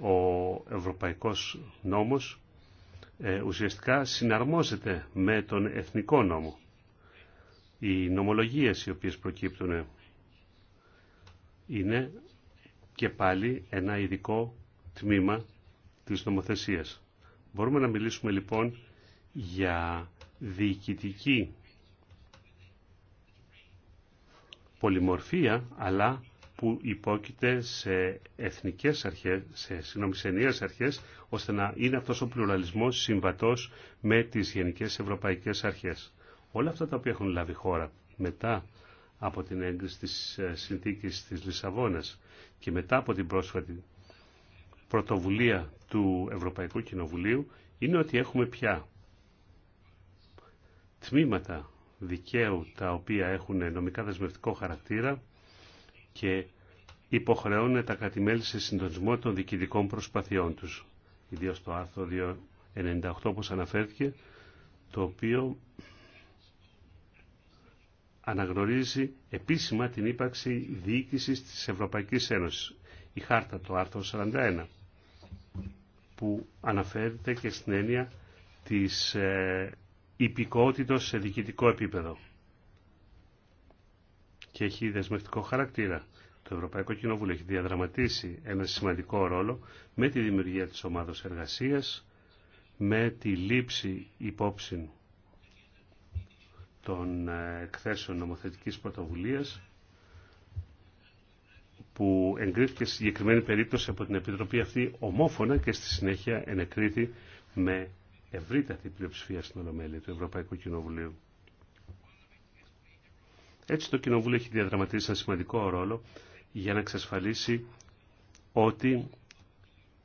ο ευρωπαϊκός νόμος ε, ουσιαστικά συναρμόζεται με τον εθνικό νόμο. Οι νομολογίες οι οποίες προκύπτουν είναι και πάλι ένα ειδικό τμήμα της νομοθεσίας. Μπορούμε να μιλήσουμε λοιπόν για διοικητική πολυμορφία, αλλά που υπόκειται σε εθνικές αρχές, σε, αρχές, ώστε να είναι αυτός ο πλουραλισμός συμβατός με τις γενικές ευρωπαϊκές αρχές. Όλα αυτά τα οποία έχουν λάβει χώρα μετά από την έγκριση της ε, συνθήκης της Λισαβόνας και μετά από την πρόσφατη πρωτοβουλία του Ευρωπαϊκού Κοινοβουλίου είναι ότι έχουμε πια τμήματα δικαίου τα οποία έχουν νομικά δεσμευτικό χαρακτήρα και υποχρεώνουν τα κατημέλη σε συντονισμό των διοικητικών προσπαθειών τους. Ιδίως το άρθρο 298 όπως αναφέρθηκε, το οποίο αναγνωρίζει επίσημα την ύπαρξη διοίκησης της Ευρωπαϊκής Ένωσης. Η χάρτα, το άρθρο 41, που αναφέρεται και στην έννοια της ε, υπηκότητος σε διοικητικό επίπεδο. Και έχει δεσμευτικό χαρακτήρα. Το Ευρωπαϊκό Κοινοβούλιο έχει διαδραματίσει ένα σημαντικό ρόλο με τη δημιουργία της ομάδος εργασίας, με τη λήψη υπόψη των ε, εκθέσεων νομοθετικής πρωτοβουλίας που εγκρίθηκε σε συγκεκριμένη περίπτωση από την Επιτροπή αυτή ομόφωνα και στη συνέχεια ενεκρίθη με ευρύτατη πλειοψηφία στην ολομέλη του Ευρωπαϊκού Κοινοβουλίου. Έτσι το Κοινοβούλιο έχει διαδραματίσει ένα σημαντικό ρόλο για να εξασφαλίσει ότι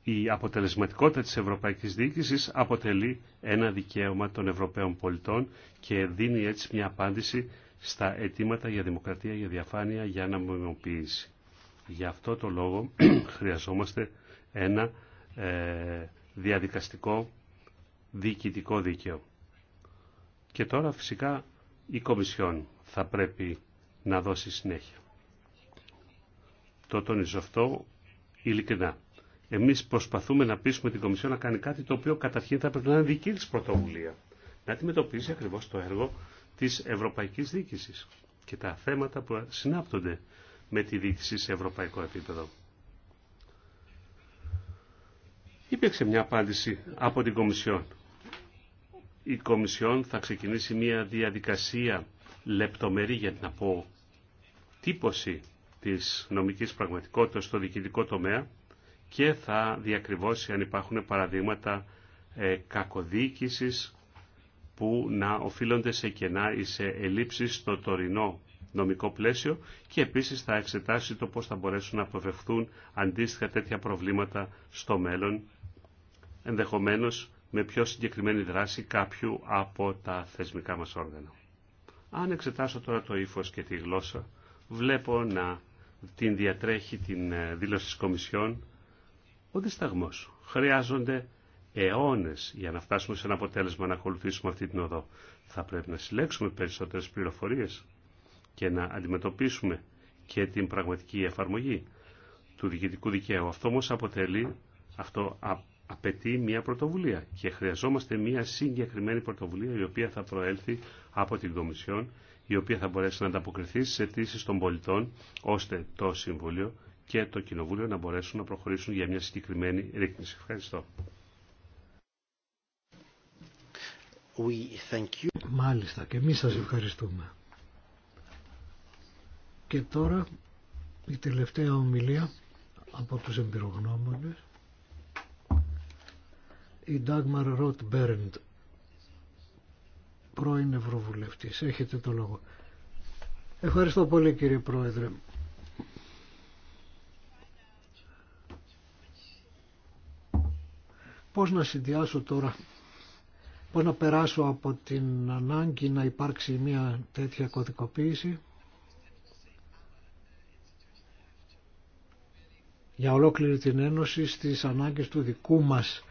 η αποτελεσματικότητα της Ευρωπαϊκής Διοίκησης αποτελεί ένα δικαίωμα των Ευρωπαίων πολιτών και δίνει έτσι μια απάντηση στα αιτήματα για δημοκρατία, για διαφάνεια, για αναμονιμοποίηση. Γι' αυτό το λόγο χρειαζόμαστε ένα ε, διαδικαστικό διοικητικό δίκαιο. Και τώρα φυσικά η Κομισιόν θα πρέπει να δώσει συνέχεια. Το τονίζω αυτό ειλικρινά. Εμείς προσπαθούμε να πείσουμε την Κομισιόν να κάνει κάτι το οποίο καταρχήν θα πρέπει να είναι δική της πρωτοβουλία. Να αντιμετωπίσει ακριβώς το έργο της Ευρωπαϊκής Διοίκησης και τα θέματα που συνάπτονται με τη διοίκηση σε ευρωπαϊκό επίπεδο. Υπήρξε μια απάντηση από την Κομισιόν η Κομισιόν θα ξεκινήσει μια διαδικασία λεπτομερή για την αποτύπωση της νομικής πραγματικότητας στο διοικητικό τομέα και θα διακριβώσει αν υπάρχουν παραδείγματα ε, που να οφείλονται σε κενά ή σε ελλείψεις στο τωρινό νομικό πλαίσιο και επίσης θα εξετάσει το πώς θα μπορέσουν να αποφευθούν αντίστοιχα τέτοια προβλήματα στο μέλλον, ενδεχομένως με πιο συγκεκριμένη δράση κάποιου από τα θεσμικά μας όργανα. Αν εξετάσω τώρα το ύφος και τη γλώσσα, βλέπω να την διατρέχει την ε, δήλωση της Κομισιόν ο δισταγμός. Χρειάζονται αιώνες για να φτάσουμε σε ένα αποτέλεσμα να ακολουθήσουμε αυτή την οδό. Θα πρέπει να συλλέξουμε περισσότερες πληροφορίες και να αντιμετωπίσουμε και την πραγματική εφαρμογή του διοικητικού δικαίου. Αυτό όμως αποτελεί, αυτό απαιτεί μια πρωτοβουλία και χρειαζόμαστε μια συγκεκριμένη πρωτοβουλία η οποία θα προέλθει από την Κομισιόν, η οποία θα μπορέσει να ανταποκριθεί στις αιτήσει των πολιτών, ώστε το Συμβούλιο και το Κοινοβούλιο να μπορέσουν να προχωρήσουν για μια συγκεκριμένη ρύθμιση. Ευχαριστώ. Μάλιστα και εμείς σας ευχαριστούμε. Και τώρα η τελευταία ομιλία από τους εμπειρογνώμονες η Ντάγμαρ Ροτ Μπέρντ, πρώην Ευρωβουλευτής. Έχετε το λόγο. Ευχαριστώ πολύ κύριε Πρόεδρε. Πώς να συνδυάσω τώρα, πώς να περάσω από την ανάγκη να υπάρξει μια τέτοια κωδικοποίηση για ολόκληρη την Ένωση στις ανάγκες του δικού μας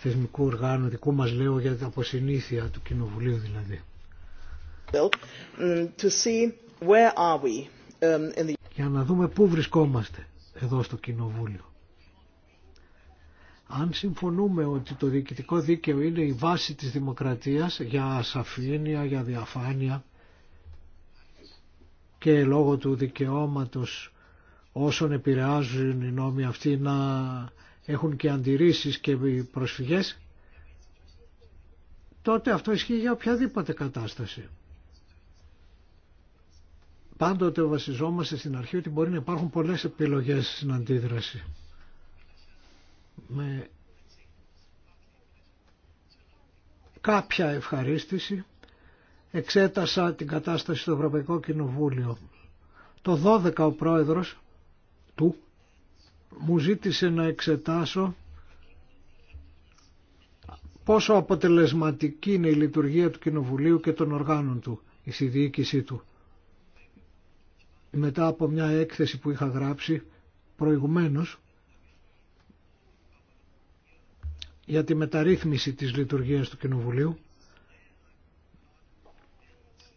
θεσμικού οργάνου, δικού μας λέω για την αποσυνήθεια του Κοινοβουλίου δηλαδή. Για να δούμε πού βρισκόμαστε εδώ στο Κοινοβούλιο. Αν συμφωνούμε ότι το διοικητικό δίκαιο είναι η βάση της δημοκρατίας για ασαφήνεια, για διαφάνεια και λόγω του δικαιώματος όσων επηρεάζουν οι νόμοι αυτοί να έχουν και αντιρρήσεις και προσφυγές, τότε αυτό ισχύει για οποιαδήποτε κατάσταση. Πάντοτε βασιζόμαστε στην αρχή ότι μπορεί να υπάρχουν πολλές επιλογές στην αντίδραση. Με κάποια ευχαρίστηση εξέτασα την κατάσταση στο Ευρωπαϊκό Κοινοβούλιο. Το 12 ο πρόεδρος του μου ζήτησε να εξετάσω πόσο αποτελεσματική είναι η λειτουργία του Κοινοβουλίου και των οργάνων του, η συνδιοίκησή του. Μετά από μια έκθεση που είχα γράψει προηγουμένως για τη μεταρρύθμιση της λειτουργίας του Κοινοβουλίου,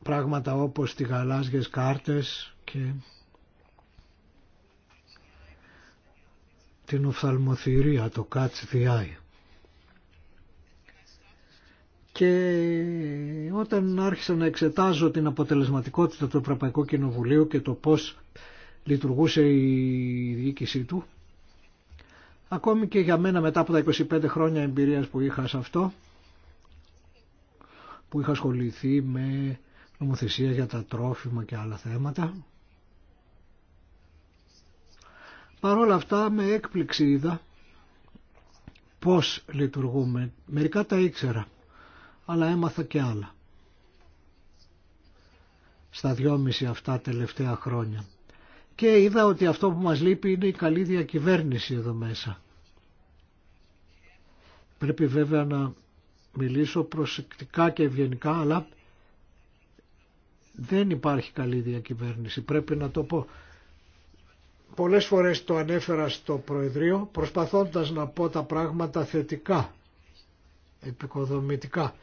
πράγματα όπως τη γαλάζιες κάρτες και την οφθαλμοθυρία, το Catch the Και όταν άρχισα να εξετάζω την αποτελεσματικότητα του Ευρωπαϊκού Κοινοβουλίου και το πώς λειτουργούσε η διοίκησή του, ακόμη και για μένα μετά από τα 25 χρόνια εμπειρίας που είχα σε αυτό, που είχα ασχοληθεί με νομοθεσία για τα τρόφιμα και άλλα θέματα, Παρ' όλα αυτά με έκπληξη είδα πώς λειτουργούμε. Μερικά τα ήξερα, αλλά έμαθα και άλλα. Στα δυόμιση αυτά τελευταία χρόνια. Και είδα ότι αυτό που μας λείπει είναι η καλή διακυβέρνηση εδώ μέσα. Πρέπει βέβαια να μιλήσω προσεκτικά και ευγενικά, αλλά δεν υπάρχει καλή διακυβέρνηση. Πρέπει να το πω πολλές φορές το ανέφερα στο Προεδρείο προσπαθώντας να πω τα πράγματα θετικά, επικοδομητικά.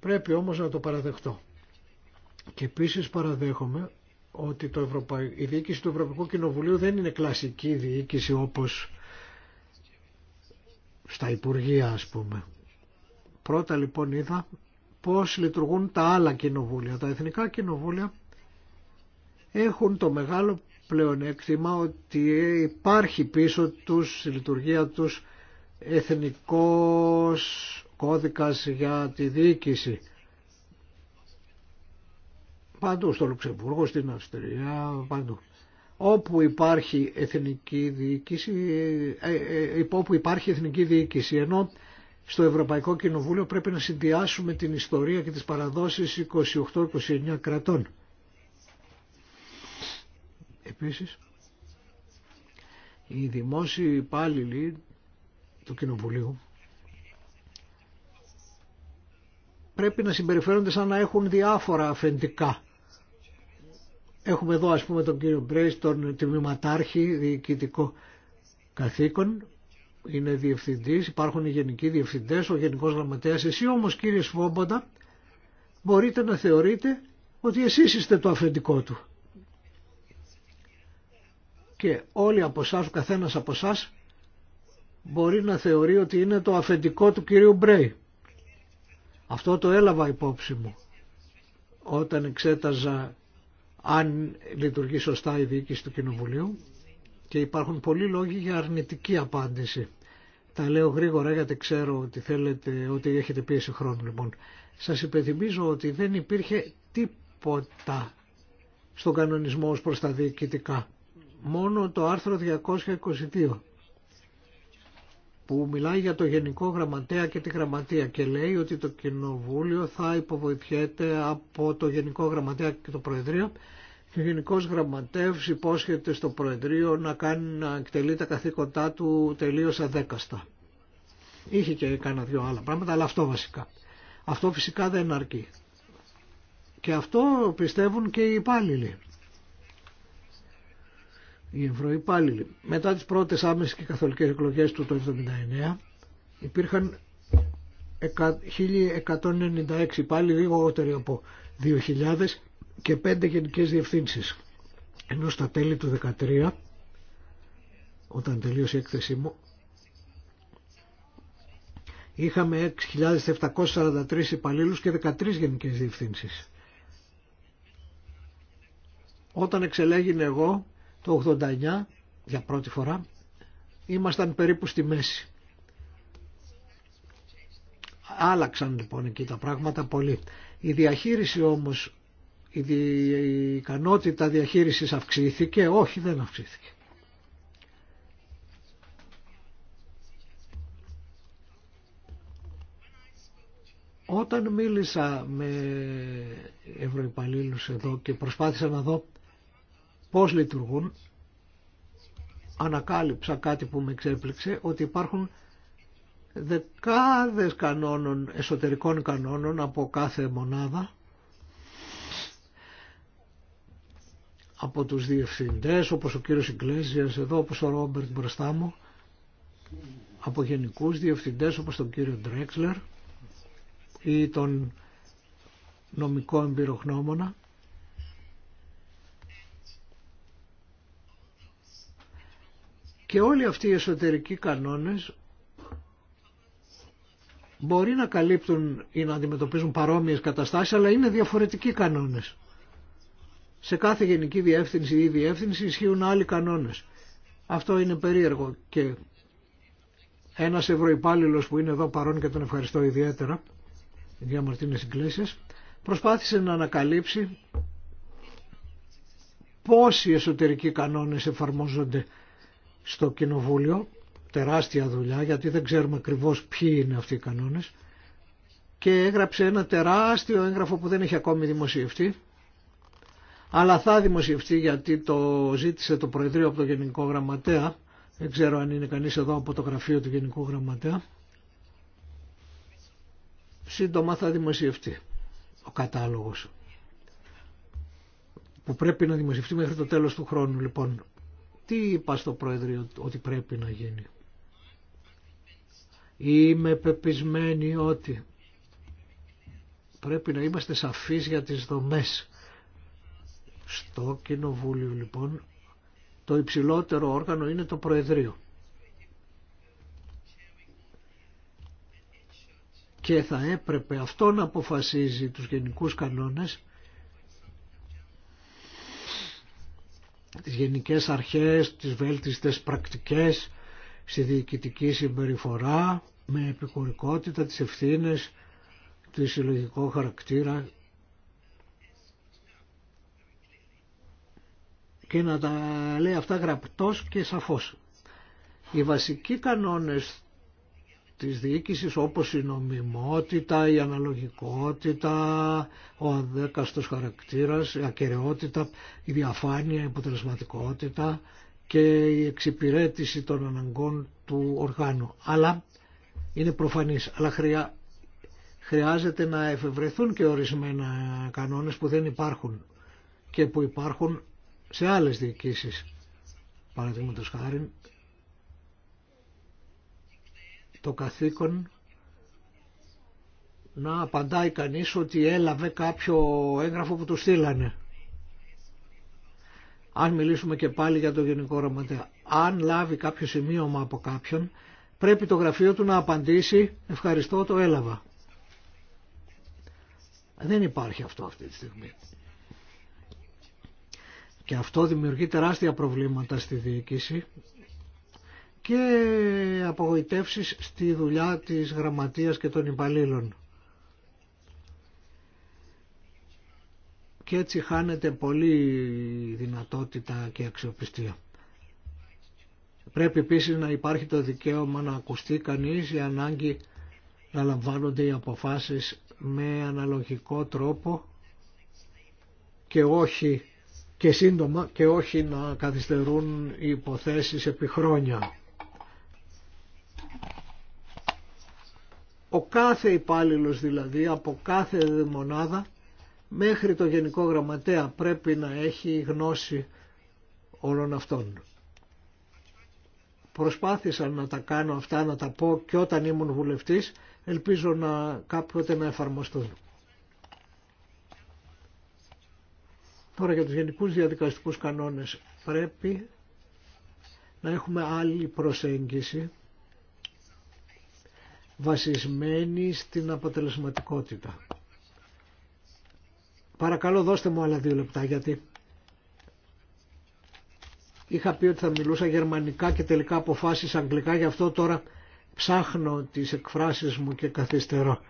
Πρέπει όμως να το παραδεχτώ. Και επίσης παραδέχομαι ότι το η διοίκηση του Ευρωπαϊκού Κοινοβουλίου δεν είναι κλασική διοίκηση όπως στα Υπουργεία ας πούμε. Πρώτα λοιπόν είδα πώς λειτουργούν τα άλλα κοινοβούλια. Τα εθνικά κοινοβούλια έχουν το μεγάλο πλεονέκτημα ότι υπάρχει πίσω τους, η λειτουργία τους, εθνικός κώδικας για τη διοίκηση. Παντού, στο Λουξεμβούργο, στην Αυστρία, παντού. Όπου υπάρχει εθνική διοίκηση, ε, ε, ε όπου υπάρχει εθνική διοίκηση, ενώ στο Ευρωπαϊκό Κοινοβούλιο πρέπει να συνδυάσουμε την ιστορία και τις παραδόσεις 28-29 κρατών. Επίσης, οι δημόσιοι υπάλληλοι του Κοινοβουλίου πρέπει να συμπεριφέρονται σαν να έχουν διάφορα αφεντικά. Έχουμε εδώ ας πούμε τον κύριο Μπρέις, τον τμήματάρχη διοικητικό καθήκον, είναι διευθυντής, υπάρχουν οι γενικοί διευθυντές, ο γενικός γραμματέας. Εσύ όμως κύριε Σφόμποντα μπορείτε να θεωρείτε ότι εσείς είστε το αφεντικό του και όλοι από εσά, ο καθένας από εσά μπορεί να θεωρεί ότι είναι το αφεντικό του κυρίου Μπρέι. Αυτό το έλαβα υπόψη μου όταν εξέταζα αν λειτουργεί σωστά η διοίκηση του Κοινοβουλίου και υπάρχουν πολλοί λόγοι για αρνητική απάντηση. Τα λέω γρήγορα γιατί ξέρω ότι θέλετε, ότι έχετε πίεση χρόνου λοιπόν. Σας υπενθυμίζω ότι δεν υπήρχε τίποτα στον κανονισμό ως προς τα διοικητικά μόνο το άρθρο 222 που μιλάει για το Γενικό Γραμματέα και τη Γραμματεία και λέει ότι το Κοινοβούλιο θα υποβοηθιέται από το Γενικό Γραμματέα και το Προεδρείο και ο Γενικός Γραμματεύς υπόσχεται στο Προεδρείο να, κάνει, να εκτελεί τα καθήκοντά του τελείως αδέκαστα. Είχε και κάνα δυο άλλα πράγματα, αλλά αυτό βασικά. Αυτό φυσικά δεν αρκεί. Και αυτό πιστεύουν και οι υπάλληλοι οι ευρωϊπάλληλοι. Μετά τις πρώτες άμεσες και καθολικές εκλογές του το 1979 υπήρχαν 1196 υπάλληλοι λιγότεροι από 2.000 και 5 γενικές διευθύνσεις. Ενώ στα τέλη του 2013 όταν τελείωσε η έκθεσή μου είχαμε 6.743 υπαλλήλους και 13 γενικές διευθύνσεις. Όταν εξελέγηνε εγώ το 89 για πρώτη φορά ήμασταν περίπου στη μέση. Άλλαξαν λοιπόν εκεί τα πράγματα πολύ. Η διαχείριση όμως, η, δι... η ικανότητα διαχείρισης αυξήθηκε, όχι δεν αυξήθηκε. Όταν μίλησα με ευρωυπαλλήλους εδώ και προσπάθησα να δω πώς λειτουργούν, ανακάλυψα κάτι που με εξέπληξε, ότι υπάρχουν δεκάδες κανόνων, εσωτερικών κανόνων από κάθε μονάδα, από τους διευθυντές, όπως ο κύριος Ιγκλέζιας εδώ, όπως ο Ρόμπερτ μπροστά μου, από γενικούς διευθυντές όπως τον κύριο Ντρέξλερ ή τον νομικό εμπειροχνόμονα Και όλοι αυτοί οι εσωτερικοί κανόνες μπορεί να καλύπτουν ή να αντιμετωπίζουν παρόμοιες καταστάσεις, αλλά είναι διαφορετικοί κανόνες. Σε κάθε γενική διεύθυνση ή διεύθυνση ισχύουν άλλοι κανόνες. Αυτό είναι περίεργο και ένας ευρωϋπάλληλος που είναι εδώ παρόν και τον ευχαριστώ ιδιαίτερα, η Διαμαρτίνες Ιγκλέσιας, προσπάθησε να ανακαλύψει πόσοι εσωτερικοί κανόνες εφαρμόζονται στο Κοινοβούλιο, τεράστια δουλειά γιατί δεν ξέρουμε ακριβώς ποιοι είναι αυτοί οι κανόνες και έγραψε ένα τεράστιο έγγραφο που δεν έχει ακόμη δημοσιευτεί αλλά θα δημοσιευτεί γιατί το ζήτησε το Προεδρείο από το Γενικό Γραμματέα δεν ξέρω αν είναι κανείς εδώ από το γραφείο του Γενικού Γραμματέα σύντομα θα δημοσιευτεί ο κατάλογος που πρέπει να δημοσιευτεί μέχρι το τέλος του χρόνου λοιπόν τι είπα στο Προεδρείο ότι πρέπει να γίνει. Είμαι πεπισμένη ότι πρέπει να είμαστε σαφείς για τις δομές. Στο Κοινοβούλιο λοιπόν το υψηλότερο όργανο είναι το Προεδρείο. Και θα έπρεπε αυτό να αποφασίζει τους γενικούς κανόνες τις γενικές αρχές, τις βέλτιστες πρακτικές στη διοικητική συμπεριφορά με επικουρικότητα τις ευθύνες, του συλλογικό χαρακτήρα και να τα λέει αυτά γραπτός και σαφώς. Οι βασικοί κανόνες της διοίκησης όπως η νομιμότητα, η αναλογικότητα, ο αδέκαστος χαρακτήρας, η ακαιρεότητα, η διαφάνεια, η αποτελεσματικότητα και η εξυπηρέτηση των αναγκών του οργάνου. Αλλά είναι προφανής, αλλά χρειάζεται να εφευρεθούν και ορισμένα κανόνες που δεν υπάρχουν και που υπάρχουν σε άλλες διοικήσεις. Παραδείγματος χάρη το καθήκον να απαντάει κανείς ότι έλαβε κάποιο έγγραφο που του στείλανε. Αν μιλήσουμε και πάλι για το Γενικό Ρωματέα. Αν λάβει κάποιο σημείωμα από κάποιον, πρέπει το γραφείο του να απαντήσει «Ευχαριστώ, το έλαβα». Δεν υπάρχει αυτό αυτή τη στιγμή. Και αυτό δημιουργεί τεράστια προβλήματα στη διοίκηση και απογοητεύσεις στη δουλειά της γραμματείας και των υπαλλήλων. Και έτσι χάνεται πολύ δυνατότητα και αξιοπιστία. Πρέπει επίση να υπάρχει το δικαίωμα να ακουστεί κανείς η ανάγκη να λαμβάνονται οι αποφάσεις με αναλογικό τρόπο και όχι και σύντομα και όχι να καθυστερούν οι υποθέσεις επί χρόνια. Ο κάθε υπάλληλο δηλαδή από κάθε μονάδα μέχρι το Γενικό Γραμματέα πρέπει να έχει γνώση όλων αυτών. Προσπάθησα να τα κάνω αυτά, να τα πω και όταν ήμουν βουλευτής, ελπίζω να κάποτε να εφαρμοστούν. Τώρα για τους γενικούς διαδικαστικούς κανόνες πρέπει να έχουμε άλλη προσέγγιση βασισμένη στην αποτελεσματικότητα. Παρακαλώ δώστε μου άλλα δύο λεπτά γιατί είχα πει ότι θα μιλούσα γερμανικά και τελικά αποφάσισα αγγλικά γι' αυτό τώρα ψάχνω τις εκφράσεις μου και καθυστερώ.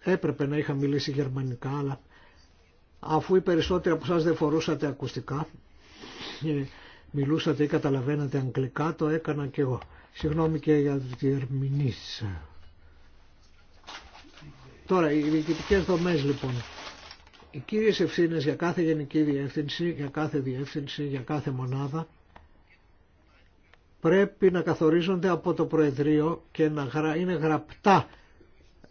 Έπρεπε να είχα μιλήσει γερμανικά αλλά αφού οι περισσότεροι από εσάς δεν φορούσατε ακουστικά μιλούσατε ή καταλαβαίνατε αγγλικά το έκανα και εγώ. Συγγνώμη και για τις διερμηνήσεις. Τώρα, οι διοικητικές δομές λοιπόν. Οι κύριες ευθύνες για κάθε γενική διεύθυνση, για κάθε διεύθυνση, για κάθε μονάδα πρέπει να καθορίζονται από το Προεδρείο και να είναι γραπτά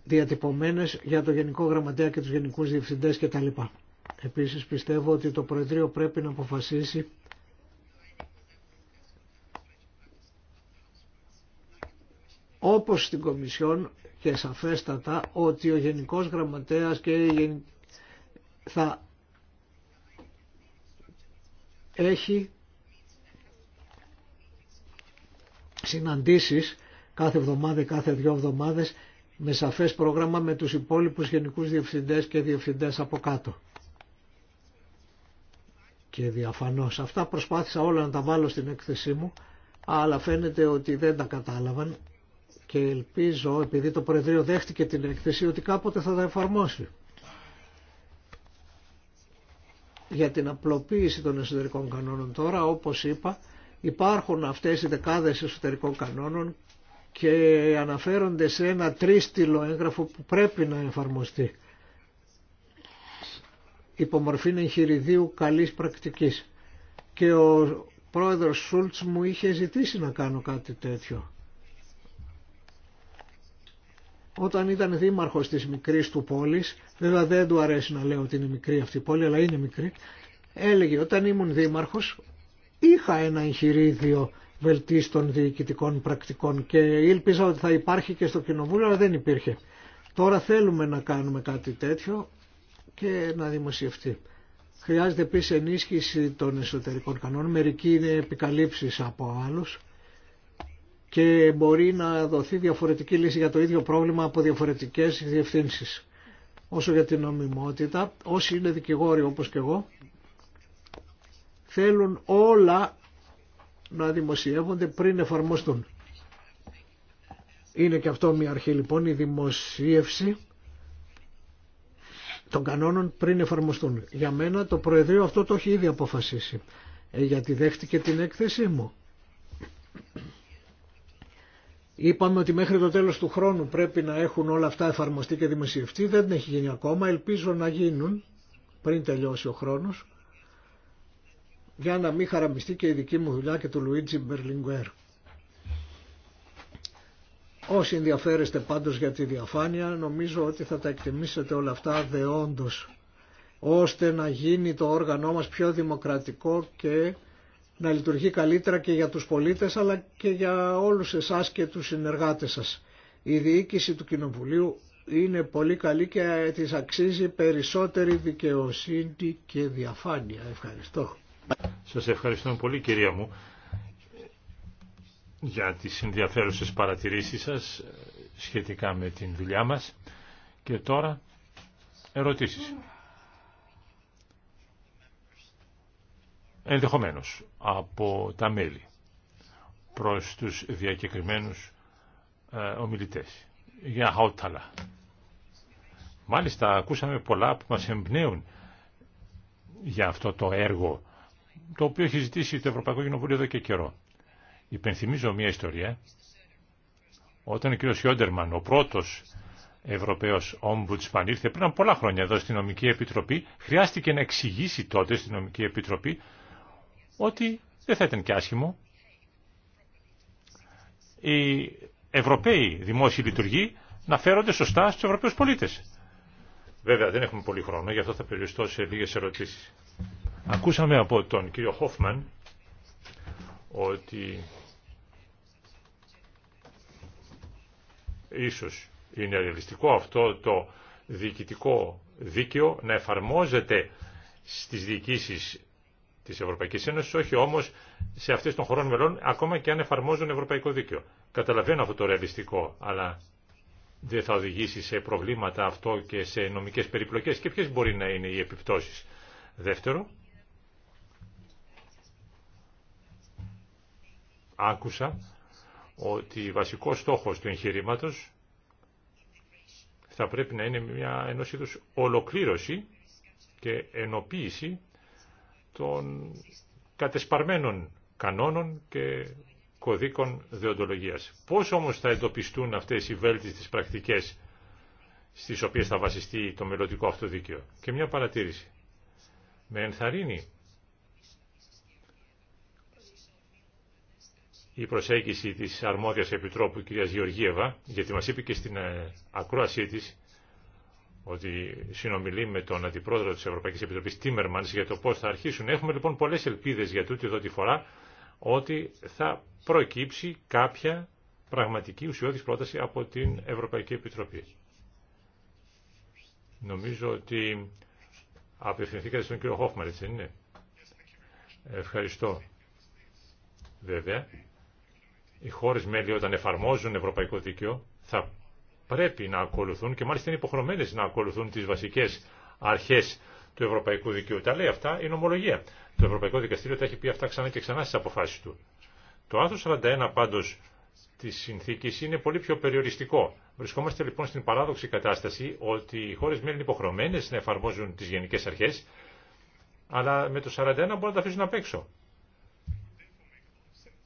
διατυπωμένες για το Γενικό Γραμματέα και τους Γενικούς Διευθυντές κτλ. Επίσης πιστεύω ότι το Προεδρείο πρέπει να αποφασίσει όπως στην Κομισιόν και σαφέστατα ότι ο Γενικός Γραμματέας και η... θα έχει συναντήσεις κάθε εβδομάδα, κάθε δύο εβδομάδες με σαφές πρόγραμμα με τους υπόλοιπους γενικούς διευθυντές και διευθυντές από κάτω. Και διαφανώς. Αυτά προσπάθησα όλα να τα βάλω στην έκθεσή μου, αλλά φαίνεται ότι δεν τα κατάλαβαν και ελπίζω, επειδή το Προεδρείο δέχτηκε την έκθεση, ότι κάποτε θα τα εφαρμόσει. Για την απλοποίηση των εσωτερικών κανόνων τώρα, όπως είπα, υπάρχουν αυτές οι δεκάδες εσωτερικών κανόνων και αναφέρονται σε ένα τρίστιλο έγγραφο που πρέπει να εφαρμοστεί υπομορφή εγχειριδίου καλής πρακτικής. Και ο πρόεδρος Σούλτς μου είχε ζητήσει να κάνω κάτι τέτοιο όταν ήταν δήμαρχος της μικρής του πόλης, βέβαια δεν του αρέσει να λέω ότι είναι μικρή αυτή η πόλη, αλλά είναι μικρή, έλεγε όταν ήμουν δήμαρχος είχα ένα εγχειρίδιο βελτίστων διοικητικών πρακτικών και ήλπιζα ότι θα υπάρχει και στο κοινοβούλιο, αλλά δεν υπήρχε. Τώρα θέλουμε να κάνουμε κάτι τέτοιο και να δημοσιευτεί. Χρειάζεται επίση ενίσχυση των εσωτερικών κανόνων. Μερικοί είναι επικαλύψεις από άλλους και μπορεί να δοθεί διαφορετική λύση για το ίδιο πρόβλημα από διαφορετικές διευθύνσεις. Όσο για την νομιμότητα, όσοι είναι δικηγόροι όπως και εγώ, θέλουν όλα να δημοσιεύονται πριν εφαρμοστούν. Είναι και αυτό μια αρχή λοιπόν η δημοσίευση των κανόνων πριν εφαρμοστούν. Για μένα το Προεδρείο αυτό το έχει ήδη αποφασίσει, ε, γιατί δέχτηκε την έκθεσή μου. Είπαμε ότι μέχρι το τέλος του χρόνου πρέπει να έχουν όλα αυτά εφαρμοστεί και δημοσιευτεί. Δεν έχει γίνει ακόμα. Ελπίζω να γίνουν πριν τελειώσει ο χρόνος για να μην χαραμιστεί και η δική μου δουλειά και του Λουίτζι Μπερλιγκουέρ. Όσοι ενδιαφέρεστε πάντως για τη διαφάνεια νομίζω ότι θα τα εκτιμήσετε όλα αυτά δεόντως ώστε να γίνει το όργανό μας πιο δημοκρατικό και να λειτουργεί καλύτερα και για τους πολίτες αλλά και για όλους εσάς και τους συνεργάτες σας. Η διοίκηση του Κοινοβουλίου είναι πολύ καλή και της αξίζει περισσότερη δικαιοσύνη και διαφάνεια. Ευχαριστώ. Σας ευχαριστώ πολύ κυρία μου για τις ενδιαφέρουσες παρατηρήσεις σας σχετικά με την δουλειά μας και τώρα ερωτήσεις. ενδεχομένως από τα μέλη προς τους διακεκριμένους ε, ομιλητές. Για χαόταλα. Μάλιστα ακούσαμε πολλά που μας εμπνέουν για αυτό το έργο το οποίο έχει ζητήσει το Ευρωπαϊκό Κοινοβούλιο εδώ και καιρό. Υπενθυμίζω μια ιστορία όταν ο κ. Σιόντερμαν, ο πρώτος Ευρωπαίος Ομπουτσμαν ήρθε πριν από πολλά χρόνια εδώ στην Νομική Επιτροπή, χρειάστηκε να εξηγήσει τότε στην Νομική Επιτροπή ότι δεν θα ήταν και άσχημο οι Ευρωπαίοι δημόσιοι λειτουργοί να φέρονται σωστά στους Ευρωπαίους πολίτες. Βέβαια δεν έχουμε πολύ χρόνο, γι' αυτό θα περιοριστώ σε λίγες ερωτήσεις. Ακούσαμε από τον κύριο Χόφμαν ότι ίσως είναι ρεαλιστικό αυτό το διοικητικό δίκαιο να εφαρμόζεται στις διοικήσεις Τη Ευρωπαϊκή Ένωση, όχι όμως σε αυτέ των χωρών μελών, ακόμα και αν εφαρμόζουν ευρωπαϊκό δίκαιο. Καταλαβαίνω αυτό το ρεαλιστικό, αλλά δεν θα οδηγήσει σε προβλήματα αυτό και σε νομικέ περιπλοκές και ποιε μπορεί να είναι οι επιπτώσεις. Δεύτερο, άκουσα ότι βασικό στόχος του εγχειρήματο θα πρέπει να είναι μια ενό είδου ολοκλήρωση και ενοποίηση των κατεσπαρμένων κανόνων και κωδίκων δεοντολογίας. Πώς όμως θα εντοπιστούν αυτές οι βέλτιστες πρακτικές στις οποίες θα βασιστεί το μελλοντικό αυτό Και μια παρατήρηση. Με ενθαρρύνει η προσέγγιση της αρμόδιας επιτρόπου κυρίας Γεωργίευα, γιατί μας είπε και στην ε, ακρόασή της ότι συνομιλεί με τον Αντιπρόεδρο της Ευρωπαϊκής Επιτροπής Τίμερμανς για το πώς θα αρχίσουν. Έχουμε λοιπόν πολλές ελπίδες για τούτη εδώ τη φορά ότι θα προκύψει κάποια πραγματική ουσιώδης πρόταση από την Ευρωπαϊκή Επιτροπή. Νομίζω ότι απευθυνθήκατε στον κύριο Χόφμαρ, έτσι δεν είναι. Ευχαριστώ. Βέβαια, οι χώρες μέλη όταν εφαρμόζουν ευρωπαϊκό δίκαιο θα πρέπει να ακολουθούν και μάλιστα είναι υποχρεωμένε να ακολουθούν τι βασικέ αρχέ του Ευρωπαϊκού Δικαίου. Τα λέει αυτά η νομολογία. Το Ευρωπαϊκό Δικαστήριο τα έχει πει αυτά ξανά και ξανά στι αποφάσει του. Το άρθρο 41 πάντως τη συνθήκη είναι πολύ πιο περιοριστικό. Βρισκόμαστε λοιπόν στην παράδοξη κατάσταση ότι οι χώρε μένουν υποχρεωμένε να εφαρμόζουν τι γενικέ αρχέ, αλλά με το 41 μπορούν να τα αφήσουν απ' έξω.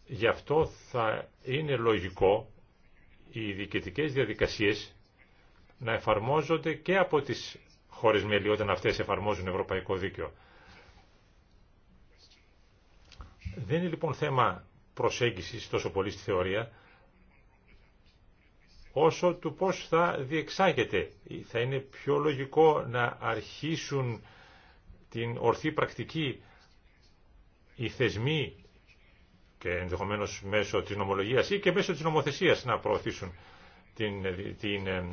Γι' αυτό θα είναι λογικό οι διοικητικές διαδικασίες να εφαρμόζονται και από τις χώρες μέλη όταν αυτές εφαρμόζουν ευρωπαϊκό δίκαιο. Δεν είναι λοιπόν θέμα προσέγγισης τόσο πολύ στη θεωρία, όσο του πώς θα διεξάγεται. Θα είναι πιο λογικό να αρχίσουν την ορθή πρακτική οι θεσμοί και ενδεχομένω μέσω της νομολογίας ή και μέσω της νομοθεσίας να προωθήσουν την, την ε,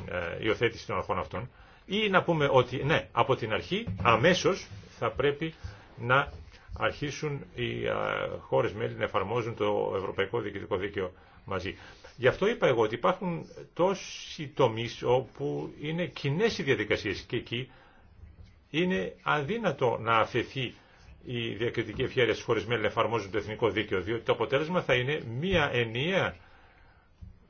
υιοθέτηση των αρχών αυτών ή να πούμε ότι ναι, από την αρχή αμέσω θα πρέπει να αρχίσουν οι ε, χώρες μέλη να εφαρμόζουν το Ευρωπαϊκό Διοικητικό Δίκαιο μαζί. Γι' αυτό είπα εγώ ότι υπάρχουν τόσοι τομεί όπου είναι κοινέ οι διαδικασίε και εκεί είναι αδύνατο να αφαιθεί η διακριτική ευχαίρεια στις χώρες μέλη εφαρμόζουν το εθνικό δίκαιο, διότι το αποτέλεσμα θα είναι μία ενιαία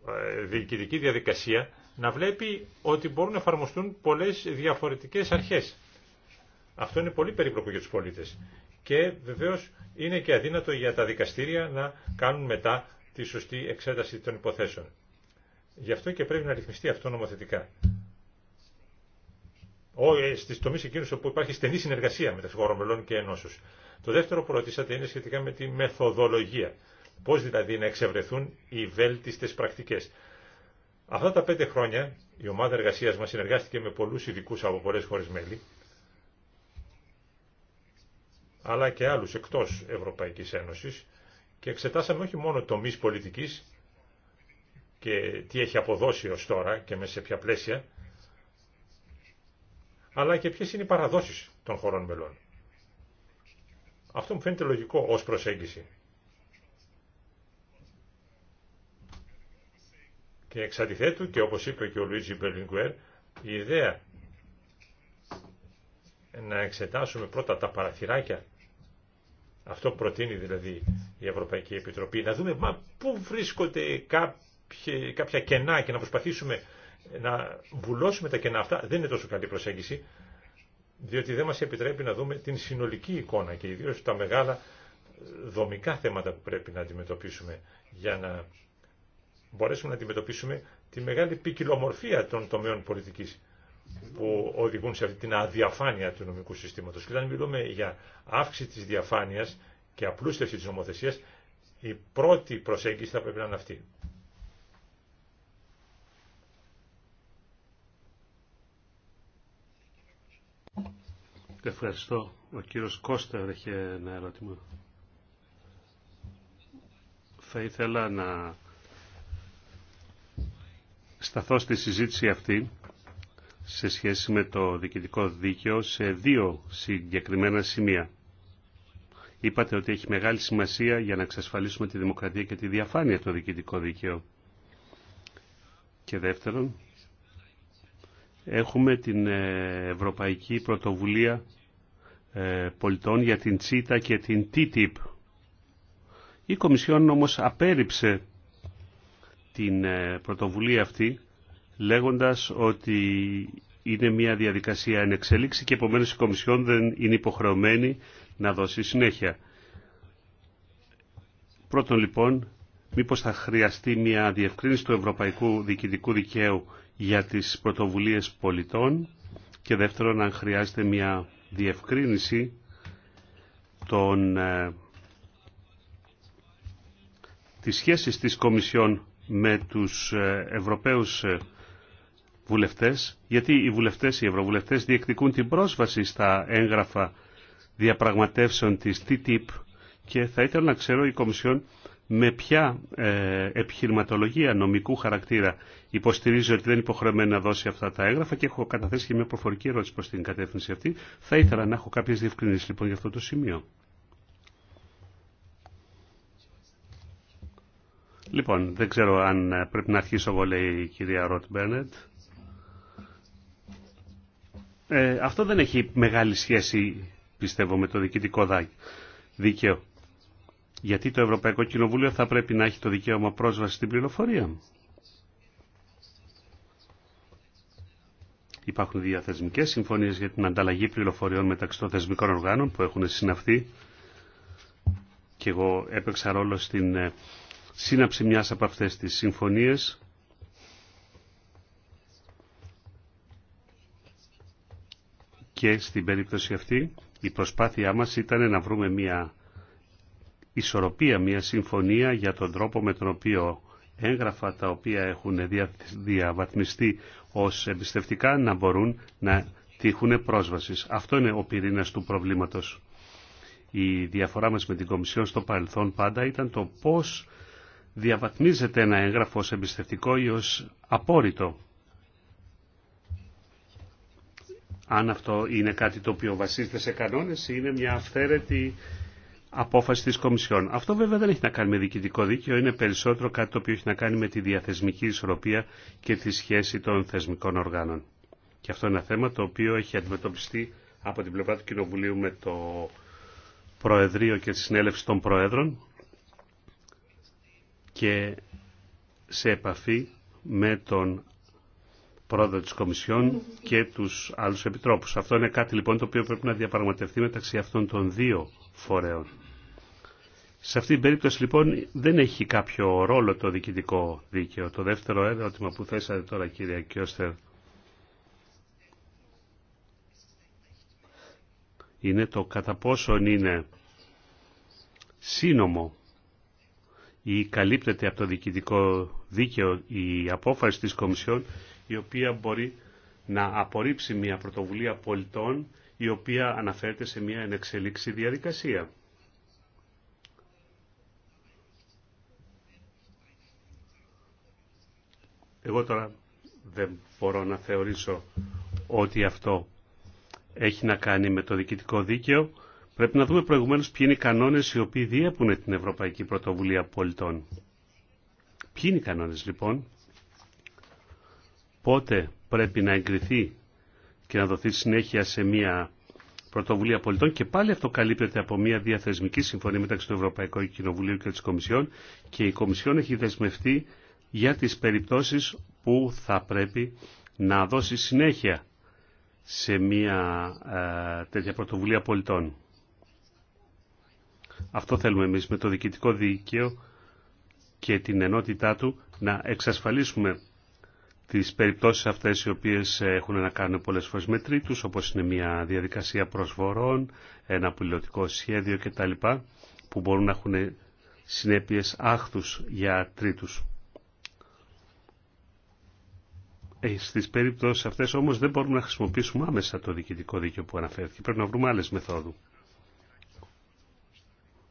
ε, διοικητική διαδικασία να βλέπει ότι μπορούν να εφαρμοστούν πολλές διαφορετικές αρχές. Αυτό είναι πολύ περίπλοκο για τους πολίτες. Και βεβαίως είναι και αδύνατο για τα δικαστήρια να κάνουν μετά τη σωστή εξέταση των υποθέσεων. Γι' αυτό και πρέπει να ρυθμιστεί αυτό νομοθετικά. Ε, στι τομεί εκείνου όπου υπάρχει στενή συνεργασία μεταξύ χωρών μελών και ενό. Το δεύτερο που ρωτήσατε είναι σχετικά με τη μεθοδολογία. Πώ δηλαδή να εξευρεθούν οι βέλτιστε πρακτικέ. Αυτά τα πέντε χρόνια η ομάδα εργασία μα συνεργάστηκε με πολλού ειδικού από πολλέ χώρε μέλη, αλλά και άλλου εκτό Ευρωπαϊκή Ένωση και εξετάσαμε όχι μόνο τομεί πολιτική και τι έχει αποδώσει ω τώρα και μέσα σε ποια πλαίσια, αλλά και ποιε είναι οι παραδόσει των χωρών μελών. Αυτό μου φαίνεται λογικό ως προσέγγιση. Και εξ και όπως είπε και ο Λουίτζι Μπερλιγκουέρ, η ιδέα να εξετάσουμε πρώτα τα παραθυράκια, αυτό προτείνει δηλαδή η Ευρωπαϊκή Επιτροπή, να δούμε μα πού βρίσκονται κάποια κενά και να προσπαθήσουμε να βουλώσουμε τα κενά αυτά δεν είναι τόσο καλή προσέγγιση, διότι δεν μας επιτρέπει να δούμε την συνολική εικόνα και ιδίως τα μεγάλα ε, δομικά θέματα που πρέπει να αντιμετωπίσουμε για να μπορέσουμε να αντιμετωπίσουμε τη μεγάλη ποικιλομορφία των τομέων πολιτικής που οδηγούν σε αυτή την αδιαφάνεια του νομικού συστήματος. Και όταν μιλούμε για αύξηση της διαφάνειας και απλούστευση της νομοθεσίας, η πρώτη προσέγγιση θα πρέπει να είναι αυτή. Ευχαριστώ. Ο κύριος Κώστερ έχει ένα ερώτημα. Θα ήθελα να σταθώ στη συζήτηση αυτή σε σχέση με το διοικητικό δίκαιο σε δύο συγκεκριμένα σημεία. Είπατε ότι έχει μεγάλη σημασία για να εξασφαλίσουμε τη δημοκρατία και τη διαφάνεια το διοικητικό δίκαιο. Και δεύτερον, έχουμε την ε, Ευρωπαϊκή Πρωτοβουλία ε, Πολιτών για την Τσίτα και την TTIP. Η Κομισιόν όμως απέρριψε την ε, πρωτοβουλία αυτή λέγοντας ότι είναι μια διαδικασία εν εξέλιξη και επομένως η Κομισιόν δεν είναι υποχρεωμένη να δώσει συνέχεια. Πρώτον λοιπόν, μήπως θα χρειαστεί μια διευκρίνηση του ευρωπαϊκού διοικητικού δικαίου για τις πρωτοβουλίες πολιτών και δεύτερον αν χρειάζεται μια διευκρίνηση των, ε, της σχέσης της Κομισιόν με τους ε, Ευρωπαίους ε, βουλευτές, γιατί οι βουλευτές, οι ευρωβουλευτές διεκδικούν την πρόσβαση στα έγγραφα διαπραγματεύσεων της TTIP και θα ήθελα να ξέρω η Κομισιόν με ποια ε, επιχειρηματολογία νομικού χαρακτήρα υποστηρίζει ότι δεν είναι υποχρεωμένη να δώσει αυτά τα έγγραφα και έχω καταθέσει και μια προφορική ερώτηση προς την κατεύθυνση αυτή. Θα ήθελα να έχω κάποιες διευκρινήσεις λοιπόν για αυτό το σημείο. Λοιπόν, δεν ξέρω αν ε, πρέπει να αρχίσω εγώ, λέει η κυρία Ροτ Μπέρνετ. Ε, αυτό δεν έχει μεγάλη σχέση, πιστεύω, με το διοικητικό δίκαιο. Γιατί το Ευρωπαϊκό Κοινοβούλιο θα πρέπει να έχει το δικαίωμα πρόσβαση στην πληροφορία. Υπάρχουν διαθεσμικές συμφωνίες για την ανταλλαγή πληροφοριών μεταξύ των θεσμικών οργάνων που έχουν συναυθεί και εγώ έπαιξα ρόλο στην ε, σύναψη μιας από αυτές τις συμφωνίες και στην περίπτωση αυτή η προσπάθειά μας ήταν να βρούμε μια ισορροπία, μια συμφωνία για τον τρόπο με τον οποίο έγγραφα τα οποία έχουν διαβαθμιστεί ως εμπιστευτικά να μπορούν να τύχουν πρόσβασης. Αυτό είναι ο πυρήνας του προβλήματος. Η διαφορά μας με την Κομισιόν στο παρελθόν πάντα ήταν το πώς διαβαθμίζεται ένα έγγραφο ως εμπιστευτικό ή ως απόρριτο. Αν αυτό είναι κάτι το οποίο βασίζεται σε κανόνες ή είναι μια αυθαίρετη απόφαση της Κομισιόν. Αυτό βέβαια δεν έχει να κάνει με διοικητικό δίκαιο, είναι περισσότερο κάτι το οποίο έχει να κάνει με τη διαθεσμική ισορροπία και τη σχέση των θεσμικών οργάνων. Και αυτό είναι ένα θέμα το οποίο έχει αντιμετωπιστεί από την πλευρά του Κοινοβουλίου με το Προεδρείο και τη Συνέλευση των Προέδρων και σε επαφή με τον πρόεδρο της Κομισιόν και τους άλλους επιτρόπους. Αυτό είναι κάτι λοιπόν το οποίο πρέπει να διαπραγματευτεί μεταξύ αυτών των δύο φορέων. Σε αυτήν την περίπτωση λοιπόν δεν έχει κάποιο ρόλο το διοικητικό δίκαιο. Το δεύτερο ερώτημα που θέσατε τώρα κύριε Κιώστερ είναι το κατά πόσον είναι σύνομο ή καλύπτεται από το διοικητικό δίκαιο η απόφαση της Κομισιόν η οποία μπορεί να απορρίψει μια πρωτοβουλία πολιτών η οποία αναφέρεται σε μια ενεξελίξη διαδικασία. Εγώ τώρα δεν μπορώ να θεωρήσω ότι αυτό έχει να κάνει με το διοικητικό δίκαιο. Πρέπει να δούμε προηγουμένως ποιοι είναι οι κανόνες οι οποίοι διέπουν την Ευρωπαϊκή Πρωτοβουλία Πολιτών. Ποιοι είναι οι κανόνες λοιπόν, πότε πρέπει να εγκριθεί και να δοθεί συνέχεια σε μια πρωτοβουλία πολιτών και πάλι αυτό καλύπτεται από μια διαθεσμική συμφωνία μεταξύ του Ευρωπαϊκού Κοινοβουλίου και της Κομισιόν και η Κομισιόν έχει δεσμευτεί για τις περιπτώσεις που θα πρέπει να δώσει συνέχεια σε μια ε, τέτοια πρωτοβουλία πολιτών. Αυτό θέλουμε εμείς με το διοικητικό δίκαιο και την ενότητά του να εξασφαλίσουμε τις περιπτώσεις αυτές οι οποίες έχουν να κάνουν πολλές φορές με τρίτους, όπως είναι μια διαδικασία προσφορών, ένα πιλωτικό σχέδιο κτλ, που μπορούν να έχουν συνέπειες άχθους για τρίτους. Ε, στις περιπτώσεις αυτές όμως δεν μπορούμε να χρησιμοποιήσουμε άμεσα το διοικητικό δίκαιο που αναφέρθηκε. Πρέπει να βρούμε άλλες μεθόδου.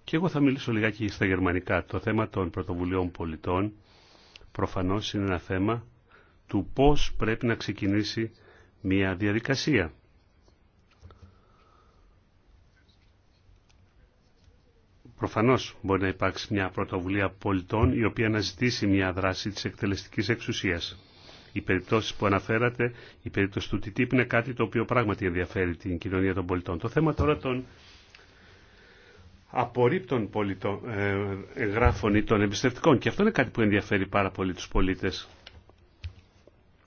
Και εγώ θα μιλήσω λιγάκι στα γερμανικά. Το θέμα των πρωτοβουλειών πολιτών προφανώς είναι ένα θέμα του πώς πρέπει να ξεκινήσει μια διαδικασία. Προφανώς μπορεί να υπάρξει μια πρωτοβουλία πολιτών η οποία να ζητήσει μια δράση της εκτελεστικής εξουσίας. Οι περιπτώσει που αναφέρατε, η περίπτωση του TTIP είναι κάτι το οποίο πράγματι ενδιαφέρει την κοινωνία των πολιτών. Το θέμα τώρα των απορρίπτων πολιτών, ε, εγγράφων ή των εμπιστευτικών. Και αυτό είναι κάτι που ενδιαφέρει πάρα πολύ τους πολίτες.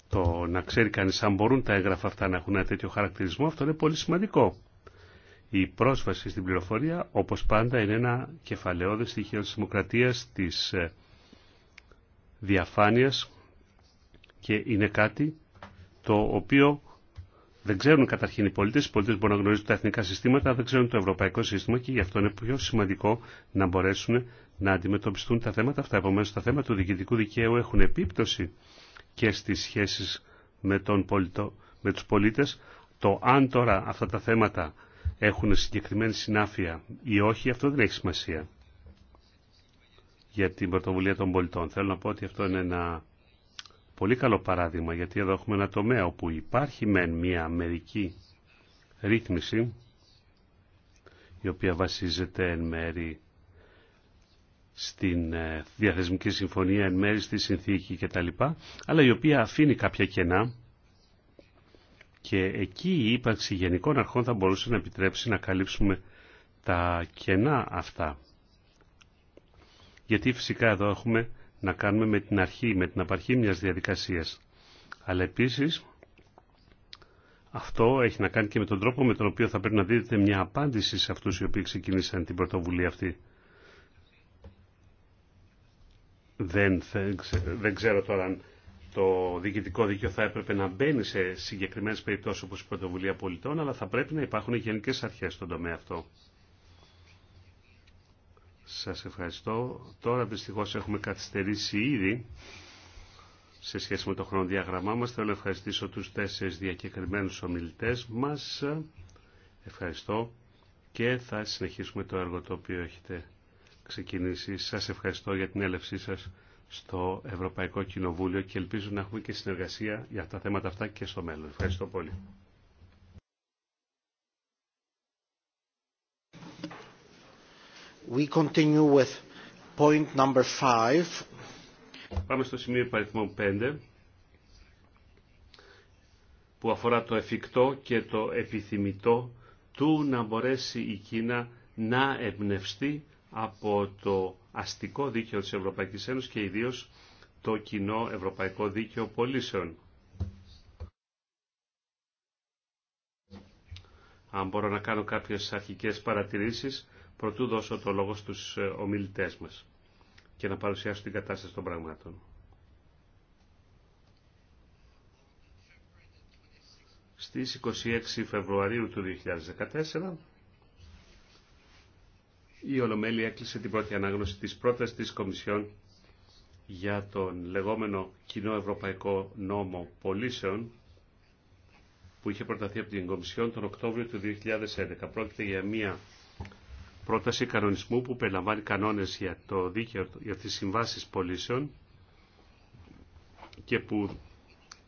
Το να ξέρει κανείς αν μπορούν τα έγγραφα αυτά να έχουν ένα τέτοιο χαρακτηρισμό, αυτό είναι πολύ σημαντικό. Η πρόσβαση στην πληροφορία, όπως πάντα, είναι ένα κεφαλαιόδες στοιχείο της δημοκρατίας, της ε, διαφάνειας και είναι κάτι το οποίο δεν ξέρουν καταρχήν οι πολίτες. Οι πολίτες μπορούν να γνωρίζουν τα εθνικά συστήματα, δεν ξέρουν το ευρωπαϊκό σύστημα και γι' αυτό είναι πιο σημαντικό να μπορέσουν να αντιμετωπιστούν τα θέματα αυτά. Επομένω τα θέματα του διοικητικού δικαίου έχουν επίπτωση και στις σχέσεις με, τον πολιτο, με τους πολίτες. Το αν τώρα αυτά τα θέματα έχουν συγκεκριμένη συνάφεια ή όχι, αυτό δεν έχει σημασία για την πρωτοβουλία των πολιτών. Θέλω να πω ότι αυτό είναι ένα πολύ καλό παράδειγμα, γιατί εδώ έχουμε ένα τομέα όπου υπάρχει μεν μια μερική ρύθμιση, η οποία βασίζεται εν μέρη στην ε, διαθεσμική συμφωνία, εν μέρη στη συνθήκη κτλ, αλλά η οποία αφήνει κάποια κενά και εκεί η ύπαρξη γενικών αρχών θα μπορούσε να επιτρέψει να καλύψουμε τα κενά αυτά. Γιατί φυσικά εδώ έχουμε να κάνουμε με την αρχή, με την απαρχή μιας διαδικασίας. Αλλά επίσης αυτό έχει να κάνει και με τον τρόπο με τον οποίο θα πρέπει να δείτε μια απάντηση σε αυτούς οι οποίοι ξεκίνησαν την πρωτοβουλία αυτή. Δεν, δεν ξέρω τώρα αν το διοικητικό δίκαιο θα έπρεπε να μπαίνει σε συγκεκριμένες περιπτώσεις όπως η πρωτοβουλία πολιτών, αλλά θα πρέπει να υπάρχουν γενικές αρχές στον τομέα αυτό. Σας ευχαριστώ. Τώρα δυστυχώς έχουμε καθυστερήσει ήδη σε σχέση με το χρονοδιάγραμμά μας. Θέλω να ευχαριστήσω τους τέσσερις διακεκριμένους ομιλητές μας. Ευχαριστώ και θα συνεχίσουμε το έργο το οποίο έχετε ξεκινήσει. Σας ευχαριστώ για την έλευσή σας στο Ευρωπαϊκό Κοινοβούλιο και ελπίζω να έχουμε και συνεργασία για τα θέματα αυτά και στο μέλλον. Ευχαριστώ πολύ. We continue with point number Πάμε στο σημείο υπαριθμών 5 που αφορά το εφικτό και το επιθυμητό του να μπορέσει η Κίνα να εμπνευστεί από το αστικό δίκαιο της Ευρωπαϊκής Ένωσης και ιδίως το κοινό ευρωπαϊκό δίκαιο πολίσεων. Αν μπορώ να κάνω κάποιες αρχικές παρατηρήσεις, προτού δώσω το λόγο στους ε, ομιλητές μας και να παρουσιάσω την κατάσταση των πραγμάτων. Στις 26 Φεβρουαρίου του 2014 η Ολομέλη έκλεισε την πρώτη ανάγνωση της πρότασης της Κομισιόν για τον λεγόμενο κοινό ευρωπαϊκό νόμο πολίσεων που είχε προταθεί από την Κομισιόν τον Οκτώβριο του 2011. Πρόκειται για μια πρόταση κανονισμού που περιλαμβάνει κανόνες για το δίκαιο, για τις συμβάσεις πωλήσεων και που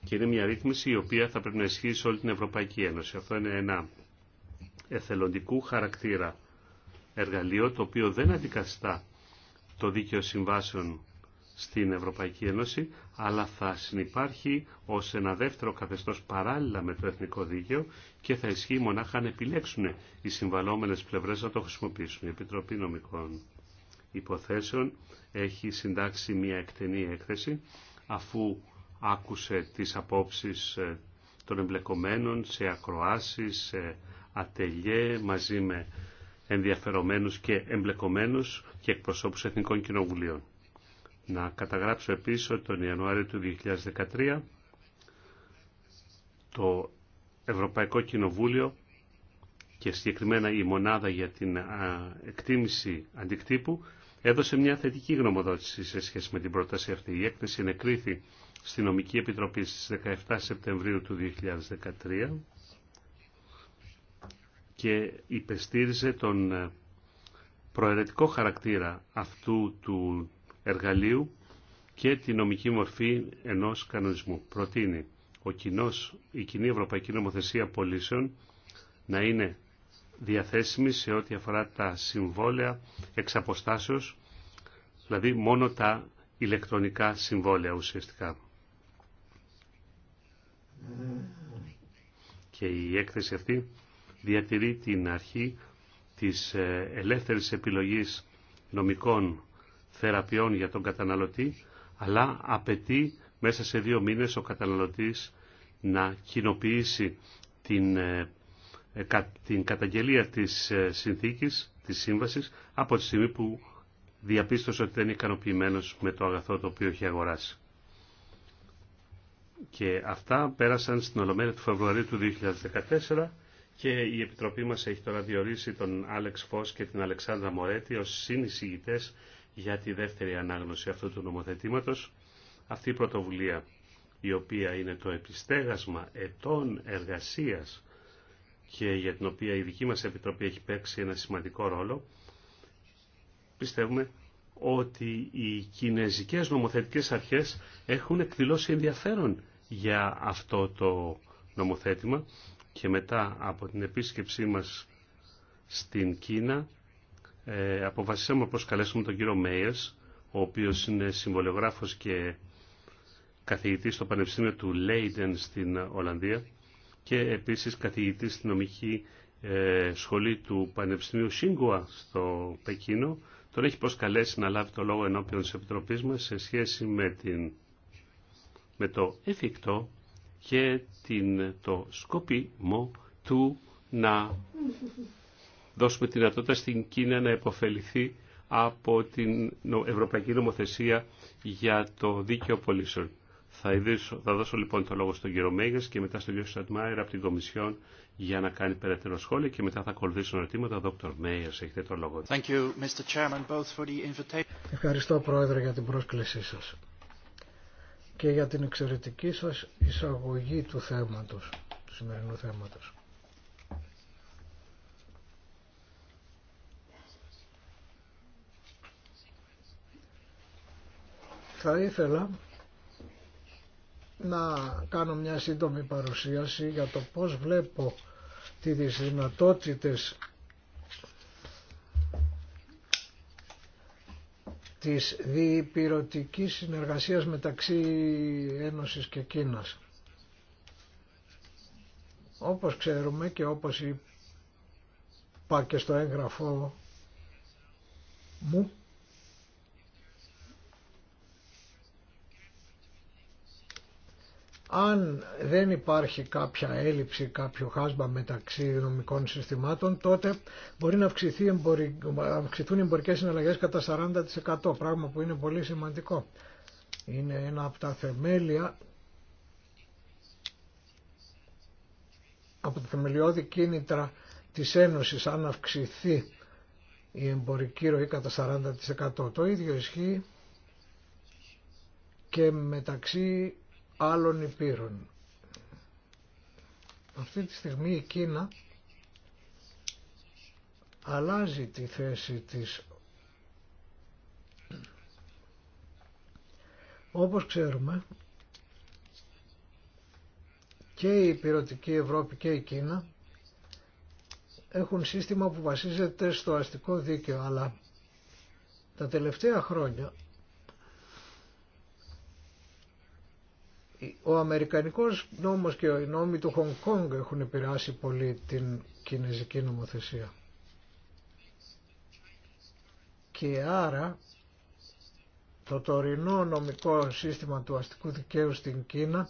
είναι μια ρύθμιση η οποία θα πρέπει να ισχύει σε όλη την Ευρωπαϊκή Ένωση. Αυτό είναι ένα εθελοντικού χαρακτήρα εργαλείο το οποίο δεν αντικαθιστά το δίκαιο συμβάσεων στην Ευρωπαϊκή Ένωση, αλλά θα συνεπάρχει ως ένα δεύτερο καθεστώς παράλληλα με το εθνικό δίκαιο και θα ισχύει μονάχα αν επιλέξουν οι συμβαλόμενες πλευρές να το χρησιμοποιήσουν. Η Επιτροπή Νομικών Υποθέσεων έχει συντάξει μια εκτενή έκθεση αφού άκουσε τις απόψεις ε, των εμπλεκομένων σε ακροάσεις, σε ατελιέ, μαζί με ενδιαφερομένους και εμπλεκομένους και εκπροσώπους εθνικών κοινοβουλίων. Να καταγράψω επίσης ότι τον Ιανουάριο του 2013 το Ευρωπαϊκό Κοινοβούλιο και συγκεκριμένα η μονάδα για την εκτίμηση αντικτύπου έδωσε μια θετική γνωμοδότηση σε σχέση με την πρόταση αυτή. Η έκθεση ενεκρίθη στη Νομική Επιτροπή στις 17 Σεπτεμβρίου του 2013 και υπεστήριζε τον ε, προαιρετικό χαρακτήρα αυτού του εργαλείου και τη νομική μορφή ενός κανονισμού. Προτείνει ο κοινός, η κοινή Ευρωπαϊκή Νομοθεσία Πολίσεων να είναι διαθέσιμη σε ό,τι αφορά τα συμβόλαια εξ δηλαδή μόνο τα ηλεκτρονικά συμβόλαια ουσιαστικά. Και η έκθεση αυτή διατηρεί την αρχή της ε, ελεύθερης επιλογής νομικών θεραπείων για τον καταναλωτή, αλλά απαιτεί μέσα σε δύο μήνες ο καταναλωτής να κοινοποιήσει την, ε, ε, την καταγγελία της ε, συνθήκης, της σύμβασης, από τη στιγμή που διαπίστωσε ότι δεν είναι ικανοποιημένο με το αγαθό το οποίο έχει αγοράσει. Και αυτά πέρασαν στην Ολομέλεια του Φεβρουαρίου του 2014 και η Επιτροπή μας έχει τώρα διορίσει τον Άλεξ Φως και την Αλεξάνδρα Μορέτη ως συνεισηγητές για τη δεύτερη ανάγνωση αυτού του νομοθετήματος. Αυτή η πρωτοβουλία η οποία είναι το επιστέγασμα ετών εργασίας και για την οποία η δική μας Επιτροπή έχει παίξει ένα σημαντικό ρόλο, πιστεύουμε ότι οι κινέζικες νομοθετικές αρχές έχουν εκδηλώσει ενδιαφέρον για αυτό το νομοθέτημα και μετά από την επίσκεψή μας στην Κίνα ε, αποφασίσαμε να προσκαλέσουμε τον κύριο Μέιερς, ο οποίος είναι συμβολιογράφος και καθηγητής στο Πανεπιστήμιο του Λέιντεν στην Ολλανδία και επίσης καθηγητής στην νομική ε, σχολή του Πανεπιστημίου Σίγκουα στο Πεκίνο. Τον έχει προσκαλέσει να λάβει το λόγο ενώπιον της Επιτροπής μας σε σχέση με, την, με το εφικτό και την, το σκοπιμό του να δώσουμε τη δυνατότητα στην Κίνα να επωφεληθεί από την Ευρωπαϊκή Νομοθεσία για το Δίκαιο Πολίσεων. Θα, θα δώσω λοιπόν το λόγο στον κύριο Μέγε και μετά στον κύριο Σαντμάιρ από την Κομισιόν για να κάνει περαιτέρω σχόλια και μετά θα ακολουθήσουν ερωτήματα. Δόκτωρ Μέγε, έχετε το λόγο. you, Chairman, Ευχαριστώ Πρόεδρε για την πρόσκλησή σα και για την εξαιρετική σας εισαγωγή του θέματο του σημερινού θέματος. Θα ήθελα να κάνω μια σύντομη παρουσίαση για το πώς βλέπω τις δυνατότητες της διπυρωτικής συνεργασίας μεταξύ Ένωσης και Κίνας. Όπως ξέρουμε και όπως είπα και στο έγγραφό μου, Αν δεν υπάρχει κάποια έλλειψη, κάποιο χάσμα μεταξύ νομικών συστημάτων, τότε μπορεί να, αυξηθούν οι εμπορικές συναλλαγές κατά 40%, πράγμα που είναι πολύ σημαντικό. Είναι ένα από τα θεμέλια, από τα θεμελιώδη κίνητρα της Ένωσης, αν αυξηθεί η εμπορική ροή κατά 40%. Το ίδιο ισχύει και μεταξύ άλλων υπήρων. Αυτή τη στιγμή η Κίνα αλλάζει τη θέση της. Όπως ξέρουμε και η υπηρετική Ευρώπη και η Κίνα έχουν σύστημα που βασίζεται στο αστικό δίκαιο αλλά τα τελευταία χρόνια Ο Αμερικανικός νόμος και οι νόμοι του Χονγκ Κόνγκ έχουν επηρεάσει πολύ την κινέζικη νομοθεσία. Και άρα το τωρινό νομικό σύστημα του αστικού δικαίου στην Κίνα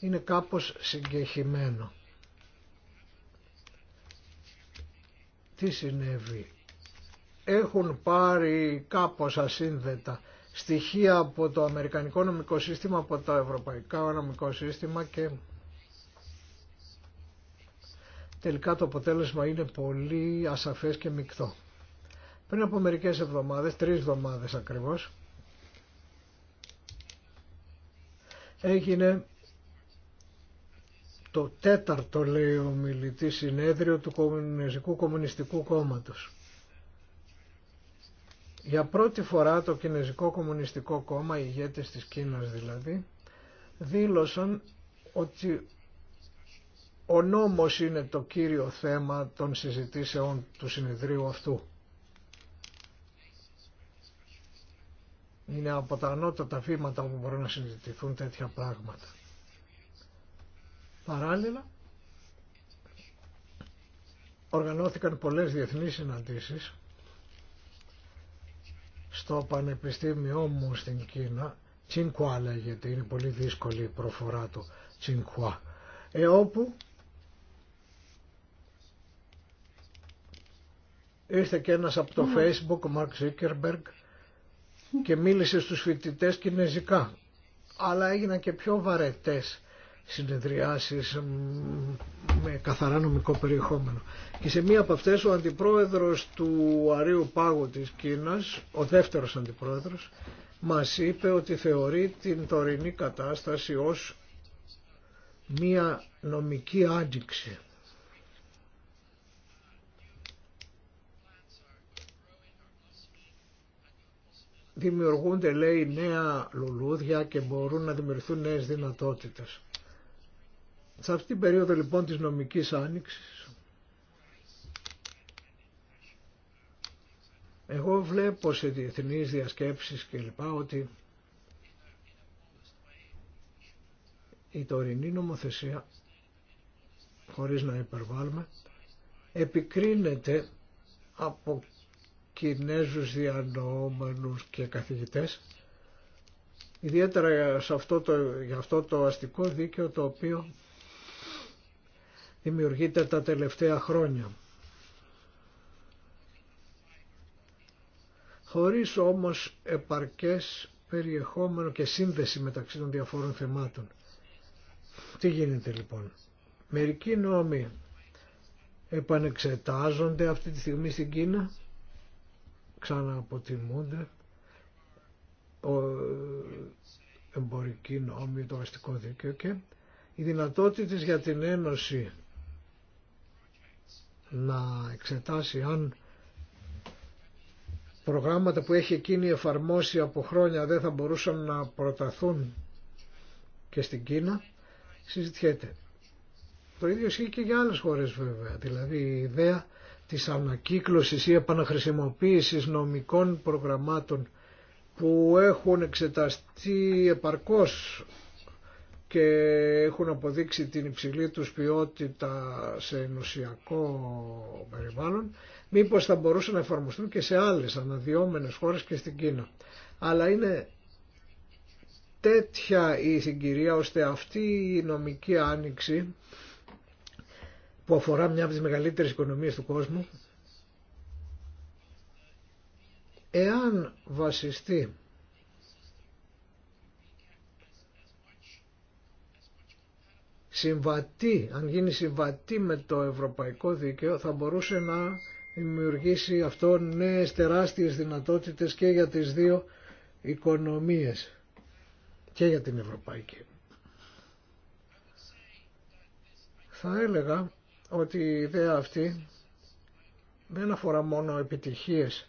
είναι κάπως συγκεχημένο. Τι συνέβη. Έχουν πάρει κάπως ασύνδετα στοιχεία από το Αμερικανικό νομικό σύστημα, από το Ευρωπαϊκό νομικό σύστημα και τελικά το αποτέλεσμα είναι πολύ ασαφές και μεικτό. Πριν από μερικές εβδομάδες, τρεις εβδομάδες ακριβώς, έγινε το τέταρτο λέει ο μιλητής συνέδριο του Κομμουνιστικού Κομμουνιστικού Κόμματος. Για πρώτη φορά το Κινέζικο Κομμουνιστικό Κόμμα, οι ηγέτες της Κίνας δηλαδή, δήλωσαν ότι ο νόμος είναι το κύριο θέμα των συζητήσεων του συνεδρίου αυτού. Είναι από τα ανώτατα βήματα που μπορούν να συζητηθούν τέτοια πράγματα. Παράλληλα, οργανώθηκαν πολλές διεθνείς συναντήσεις στο πανεπιστήμιό μου στην Κίνα, Τσινκουά λέγεται, είναι πολύ δύσκολη η προφορά του, Τσινκουά, ε, όπου ήρθε και ένας από το Facebook, ο Ζικέρμπεργκ και μίλησε στους φοιτητές κινέζικα. Αλλά έγιναν και πιο βαρετές συνεδριάσεις με καθαρά νομικό περιεχόμενο. Και σε μία από αυτές ο αντιπρόεδρος του Αρίου Πάγου της Κίνας, ο δεύτερος αντιπρόεδρος, μας είπε ότι θεωρεί την τωρινή κατάσταση ως μία νομική άντιξη. Δημιουργούνται λέει νέα λουλούδια και μπορούν να δημιουργηθούν νέες δυνατότητες. Σε αυτή την περίοδο λοιπόν της νομικής άνοιξης εγώ βλέπω σε διεθνείς διασκέψεις κλπ ότι η τωρινή νομοθεσία χωρίς να υπερβάλλουμε επικρίνεται από Κινέζους διανοούμενους και καθηγητές ιδιαίτερα σε αυτό το, για αυτό το αστικό δίκαιο το οποίο δημιουργείται τα τελευταία χρόνια. Χωρίς όμως επαρκές περιεχόμενο και σύνδεση μεταξύ των διαφόρων θεμάτων. Τι γίνεται λοιπόν. Μερικοί νόμοι επανεξετάζονται αυτή τη στιγμή στην Κίνα, ξανααποτιμούνται, ο ε, εμπορικοί νόμοι, το αστικό δίκαιο και ...η δυνατότητα για την Ένωση να εξετάσει αν προγράμματα που έχει εκείνη εφαρμόσει από χρόνια δεν θα μπορούσαν να προταθούν και στην Κίνα, συζητιέται. Το ίδιο ισχύει και για άλλες χώρες βέβαια, δηλαδή η ιδέα της ανακύκλωσης ή επαναχρησιμοποίησης νομικών προγραμμάτων που έχουν εξεταστεί επαρκώς και έχουν αποδείξει την υψηλή τους ποιότητα σε ενωσιακό περιβάλλον, μήπως θα μπορούσαν να εφαρμοστούν και σε άλλες αναδυόμενες χώρες και στην Κίνα. Αλλά είναι τέτοια η συγκυρία ώστε αυτή η νομική άνοιξη που αφορά μια από τις μεγαλύτερες οικονομίες του κόσμου, εάν βασιστεί συμβατή, αν γίνει συμβατή με το ευρωπαϊκό δίκαιο θα μπορούσε να δημιουργήσει αυτό νέες τεράστιες δυνατότητες και για τις δύο οικονομίες και για την ευρωπαϊκή. Θα έλεγα ότι η ιδέα αυτή δεν αφορά μόνο επιτυχίες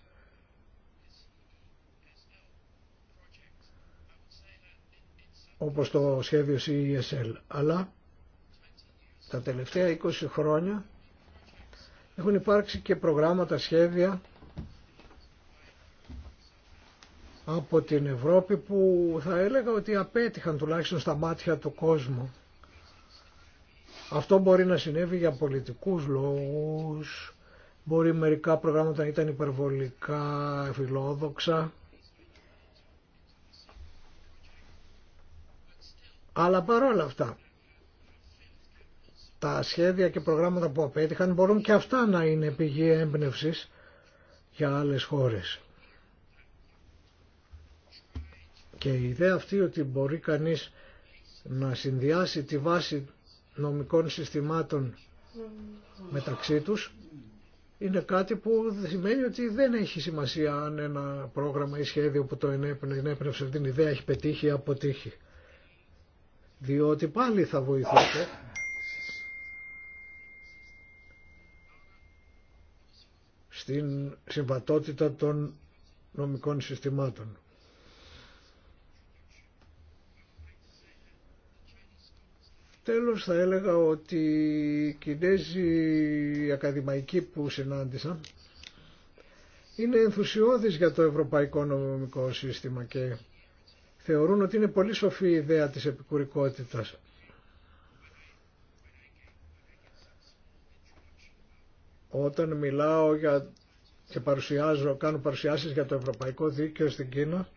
όπως το σχέδιο CESL, αλλά τα τελευταία 20 χρόνια έχουν υπάρξει και προγράμματα, σχέδια από την Ευρώπη που θα έλεγα ότι απέτυχαν τουλάχιστον στα μάτια του κόσμου. Αυτό μπορεί να συνέβη για πολιτικούς λόγους, μπορεί μερικά προγράμματα να ήταν υπερβολικά φιλόδοξα, αλλά παρόλα αυτά τα σχέδια και προγράμματα που απέτυχαν μπορούν και αυτά να είναι πηγή έμπνευση για άλλες χώρες. Και η ιδέα αυτή ότι μπορεί κανείς να συνδυάσει τη βάση νομικών συστημάτων μεταξύ τους είναι κάτι που σημαίνει ότι δεν έχει σημασία αν ένα πρόγραμμα ή σχέδιο που το ενέπνευσε την ιδέα έχει πετύχει ή αποτύχει. Διότι πάλι θα βοηθούσε στην συμβατότητα των νομικών συστημάτων. Τέλος θα έλεγα ότι οι Κινέζοι ακαδημαϊκοί που συνάντησαν... είναι ενθουσιώδεις για το ευρωπαϊκό νομικό σύστημα και θεωρούν ότι είναι πολύ σοφή η ιδέα της επικουρικότητας Όταν μιλάω για, και παρουσιάζω, κάνω παρουσιάσεις για το ευρωπαϊκό δίκαιο στην Κίνα,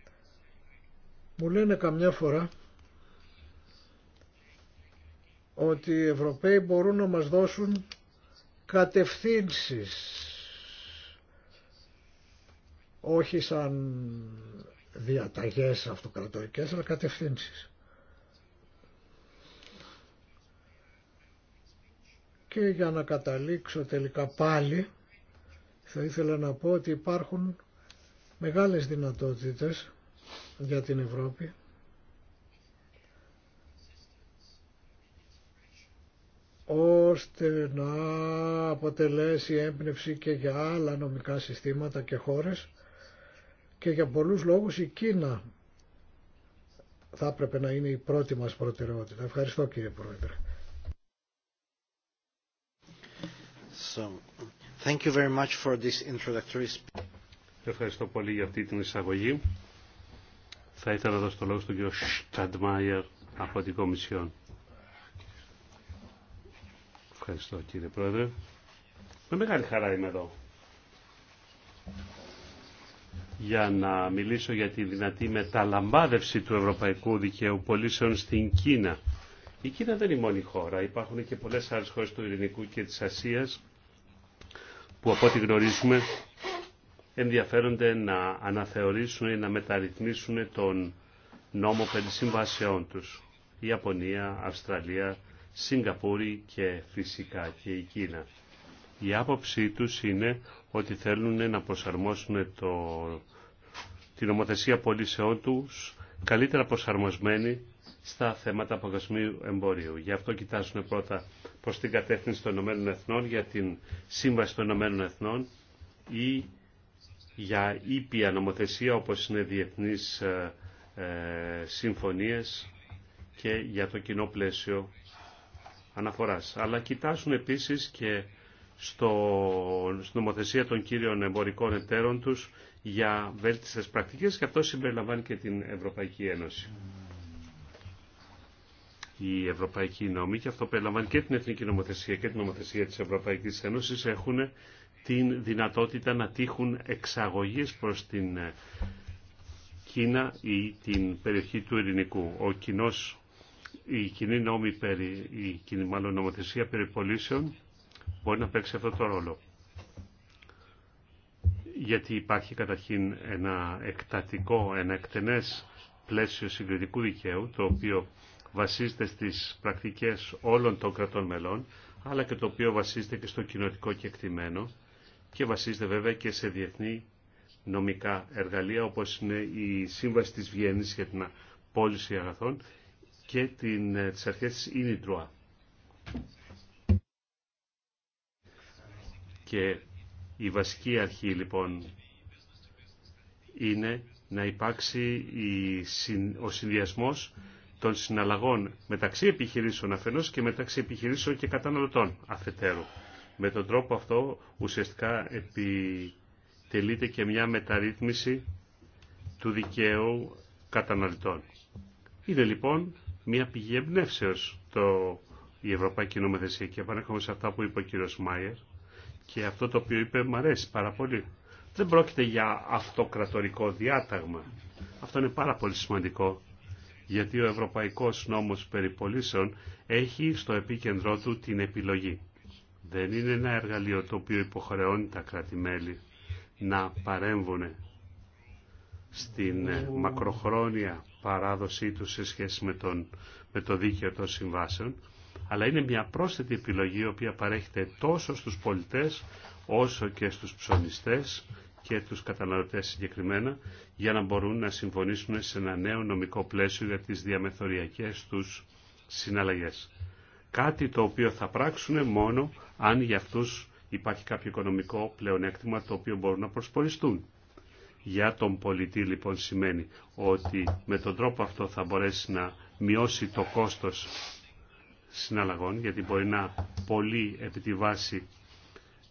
μου λένε καμιά φορά ότι οι Ευρωπαίοι μπορούν να μας δώσουν κατευθύνσεις όχι σαν διαταγές αυτοκρατορικές αλλά κατευθύνσεις Και για να καταλήξω τελικά πάλι, θα ήθελα να πω ότι υπάρχουν μεγάλες δυνατότητες για την Ευρώπη ώστε να αποτελέσει έμπνευση και για άλλα νομικά συστήματα και χώρες και για πολλούς λόγους η Κίνα θα έπρεπε να είναι η πρώτη μας προτεραιότητα. Ευχαριστώ κύριε Πρόεδρε. Thank Ευχαριστώ πολύ για αυτή την εισαγωγή. Θα ήθελα να δώσω το λόγο στον κύριο Σταντμάιερ από την Κομισιόν. Ευχαριστώ κύριε Πρόεδρε. Με μεγάλη χαρά είμαι εδώ. Για να μιλήσω για τη δυνατή μεταλαμπάδευση του ευρωπαϊκού δικαίου πολίσεων στην Κίνα. Η Κίνα δεν είναι η μόνη χώρα. Υπάρχουν και πολλές άλλες χώρες του Ειρηνικού και της Ασίας που από ό,τι γνωρίζουμε ενδιαφέρονται να αναθεωρήσουν ή να μεταρρυθμίσουν τον νόμο περί συμβάσεών τους. Η Ιαπωνία, Αυστραλία, Σιγκαπούρη και φυσικά και η Κίνα. Η άποψή τους είναι ότι θέλουν να προσαρμόσουν το, την νομοθεσία πολίσεών τους καλύτερα προσαρμοσμένη στα θέματα παγκοσμίου εμπορίου. Γι' αυτό κοιτάζουν πρώτα προς την κατεύθυνση των Ηνωμένων Εθνών για την Σύμβαση των Ηνωμένων Εθνών ή για ήπια νομοθεσία όπως είναι διεθνείς ε, ε, συμφωνίες και για το κοινό πλαίσιο αναφοράς. Αλλά κοιτάζουν επίσης και στο, στην νομοθεσία των κύριων εμπορικών εταίρων τους για βέλτιστες πρακτικές και αυτό συμπεριλαμβάνει και την Ευρωπαϊκή Ένωση οι ευρωπαϊκοί νόμοι και αυτό έλαβαν και την εθνική νομοθεσία και την νομοθεσία της Ευρωπαϊκής Ένωσης έχουν την δυνατότητα να τύχουν εξαγωγής προς την ε, Κίνα ή την περιοχή του Ειρηνικού. Ο κοινός, η κοινή νόμη περί, η κοινή μάλλον νομοθεσία περί πολίσεων μπορεί να παίξει αυτό το ρόλο. Γιατί υπάρχει καταρχήν ένα εκτατικό, ένα εκτενές πλαίσιο συγκριτικού δικαίου, το οποίο βασίζεται στις πρακτικές όλων των κρατών μελών, αλλά και το οποίο βασίζεται και στο κοινοτικό κεκτημένο και βασίζεται βέβαια και σε διεθνή νομικά εργαλεία όπως είναι η Σύμβαση της Βιέννης για την πώληση αγαθών και την, ε, τις αρχές της Ινιτρουά. Και η βασική αρχή λοιπόν είναι να υπάρξει ο συνδυασμός των συναλλαγών μεταξύ επιχειρήσεων αφενός και μεταξύ επιχειρήσεων και καταναλωτών αφετέρου. Με τον τρόπο αυτό ουσιαστικά επιτελείται και μια μεταρρύθμιση του δικαίου καταναλωτών. Είναι λοιπόν μια πηγή εμπνεύσεως το, η Ευρωπαϊκή Νομοθεσία και επανέρχομαι σε αυτά που είπε ο κύριος Μάιερ και αυτό το οποίο είπε μου αρέσει πάρα πολύ. Δεν πρόκειται για αυτοκρατορικό διάταγμα. Αυτό είναι πάρα πολύ σημαντικό γιατί ο Ευρωπαϊκός Νόμος Περιπολίσεων έχει στο επίκεντρό του την επιλογή. Δεν είναι ένα εργαλείο το οποίο υποχρεώνει τα κράτη-μέλη να παρέμβουν στην ε, μακροχρόνια παράδοσή τους σε σχέση με, τον, το δίκαιο των συμβάσεων, αλλά είναι μια πρόσθετη επιλογή η οποία παρέχεται τόσο στους πολιτές όσο και στους ψωνιστές και τους καταναλωτές συγκεκριμένα για να μπορούν να συμφωνήσουν σε ένα νέο νομικό πλαίσιο για τις διαμεθοριακές τους συναλλαγές. Κάτι το οποίο θα πράξουν μόνο αν για αυτούς υπάρχει κάποιο οικονομικό πλεονέκτημα το οποίο μπορούν να προσποριστούν. Για τον πολιτή λοιπόν σημαίνει ότι με τον τρόπο αυτό θα μπορέσει να μειώσει το κόστος συναλλαγών γιατί μπορεί να πολύ επί τη βάση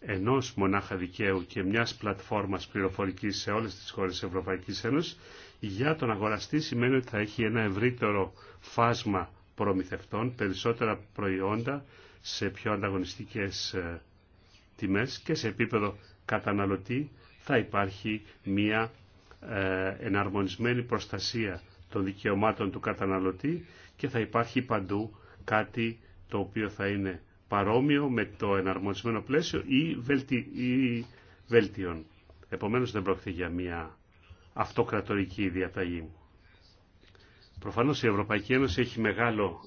ενός μονάχα δικαίου και μιας πλατφόρμας πληροφορικής σε όλες τις χώρες της Ευρωπαϊκής Ένωσης για τον αγοραστή σημαίνει ότι θα έχει ένα ευρύτερο φάσμα προμηθευτών, περισσότερα προϊόντα σε πιο ανταγωνιστικές ε, τιμές και σε επίπεδο καταναλωτή θα υπάρχει μια ε, εναρμονισμένη προστασία των δικαιωμάτων του καταναλωτή και θα υπάρχει παντού κάτι το οποίο θα είναι παρόμοιο με το εναρμονισμένο πλαίσιο ή, βελτι, βέλτιον. Επομένως δεν πρόκειται για μια αυτοκρατορική διαταγή. Προφανώς η Ευρωπαϊκή Ένωση έχει μεγάλο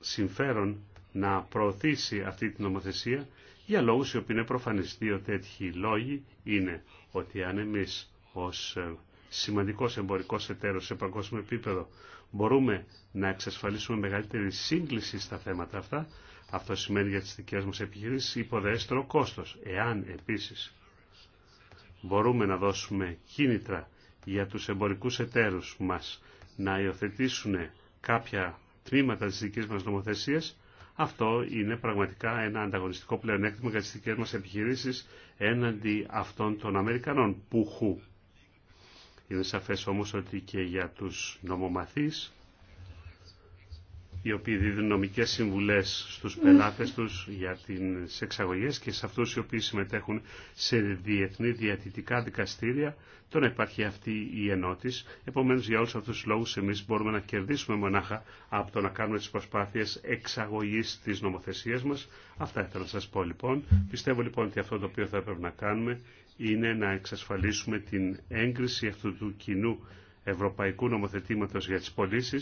συμφέρον να προωθήσει αυτή την νομοθεσία για λόγους οι οποίοι είναι προφανείς. ότι τέτοιοι λόγοι είναι ότι αν εμείς ως ε, σημαντικός εμπορικός εταίρος σε παγκόσμιο επίπεδο μπορούμε να εξασφαλίσουμε μεγαλύτερη σύγκληση στα θέματα αυτά, αυτό σημαίνει για τις δικές μας επιχειρήσεις υποδέστερο κόστος. Εάν επίσης μπορούμε να δώσουμε κίνητρα για τους εμπορικούς εταίρους μας να υιοθετήσουν κάποια τμήματα της δικής μας νομοθεσίας, αυτό είναι πραγματικά ένα ανταγωνιστικό πλεονέκτημα για τις δικές μας επιχειρήσεις έναντι αυτών των Αμερικανών, πουχού. Είναι σαφές όμως ότι και για τους νομομαθείς οι οποίοι δίδουν νομικές συμβουλές στους πελάτες τους για τι εξαγωγέ και σε αυτού οι οποίοι συμμετέχουν σε διεθνή διατητικά δικαστήρια, το να υπάρχει αυτή η ενότηση. Επομένω, για όλου αυτού του λόγου, εμεί μπορούμε να κερδίσουμε μονάχα από το να κάνουμε τι προσπάθειε εξαγωγή τη νομοθεσία μα. Αυτά ήθελα να σα πω λοιπόν. Πιστεύω λοιπόν ότι αυτό το οποίο θα έπρεπε να κάνουμε είναι να εξασφαλίσουμε την έγκριση αυτού του κοινού ευρωπαϊκού νομοθετήματος για τις πωλήσει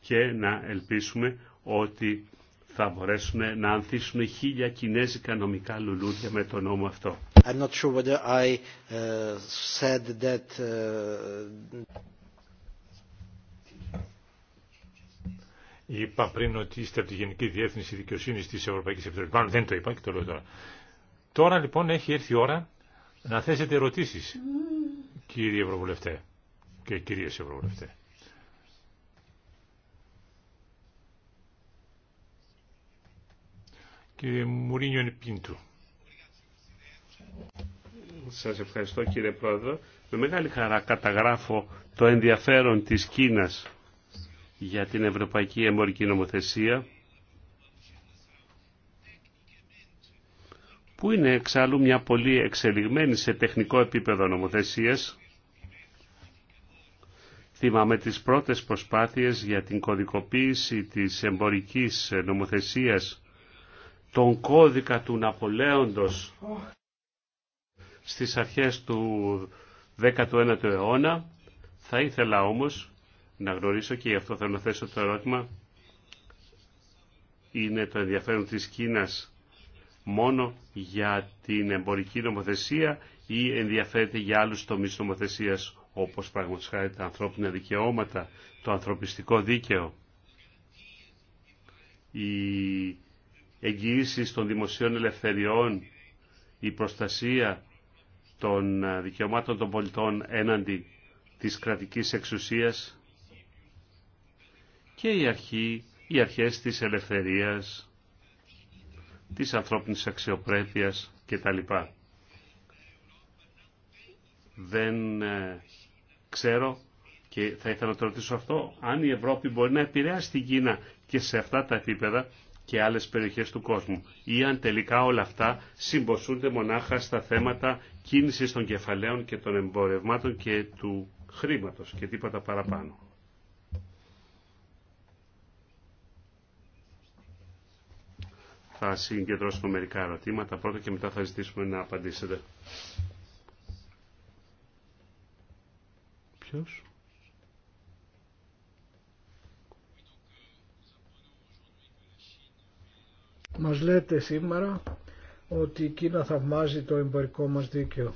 και να ελπίσουμε ότι θα μπορέσουν να ανθίσουν χίλια κινέζικα νομικά λουλούδια με τον νόμο αυτό. Uh, uh, είπα πριν ότι είστε από τη Γενική Διεύθυνση Δικαιοσύνης της Ευρωπαϊκής Επιτροπής. Μάλλον δεν το είπα και το λέω τώρα. Τώρα λοιπόν έχει έρθει η ώρα να θέσετε ερωτήσεις, mm. κύριε Ευρωβουλευτέ και κυρίες Ευρωβουλευτέ. Κύριε Μουρίνιο Πίντου. Σας ευχαριστώ κύριε Πρόεδρο. Με μεγάλη χαρά καταγράφω το ενδιαφέρον της Κίνας για την Ευρωπαϊκή Εμπορική Νομοθεσία που είναι εξάλλου μια πολύ εξελιγμένη σε τεχνικό επίπεδο νομοθεσίας. Θυμάμαι τις πρώτες προσπάθειες για την κωδικοποίηση της εμπορικής νομοθεσίας τον κώδικα του Ναπολέοντος στις αρχές του 19ου αιώνα. Θα ήθελα όμως να γνωρίσω και γι' αυτό θέλω να θέσω το ερώτημα. Είναι το ενδιαφέρον της Κίνας μόνο για την εμπορική νομοθεσία ή ενδιαφέρεται για άλλους τομείς νομοθεσίας όπως πραγματικά τα ανθρώπινα δικαιώματα, το ανθρωπιστικό δίκαιο, η εγγυήσει των δημοσίων ελευθεριών, η προστασία των ε, δικαιωμάτων των πολιτών έναντι της κρατικής εξουσίας και η αρχή, οι αρχές της ελευθερίας, της ανθρώπινης αξιοπρέπειας κτλ. Δεν ε, ξέρω και θα ήθελα να το ρωτήσω αυτό, αν η Ευρώπη μπορεί να επηρεάσει την Κίνα και σε αυτά τα επίπεδα και άλλες περιοχές του κόσμου ή αν τελικά όλα αυτά συμποσούνται μονάχα στα θέματα κίνησης των κεφαλαίων και των εμπορευμάτων και του χρήματος και τίποτα παραπάνω. Θα συγκεντρώσουμε μερικά ερωτήματα πρώτα και μετά θα ζητήσουμε να απαντήσετε. Ποιος? Μας λέτε σήμερα ότι η Κίνα θαυμάζει το εμπορικό μας δίκαιο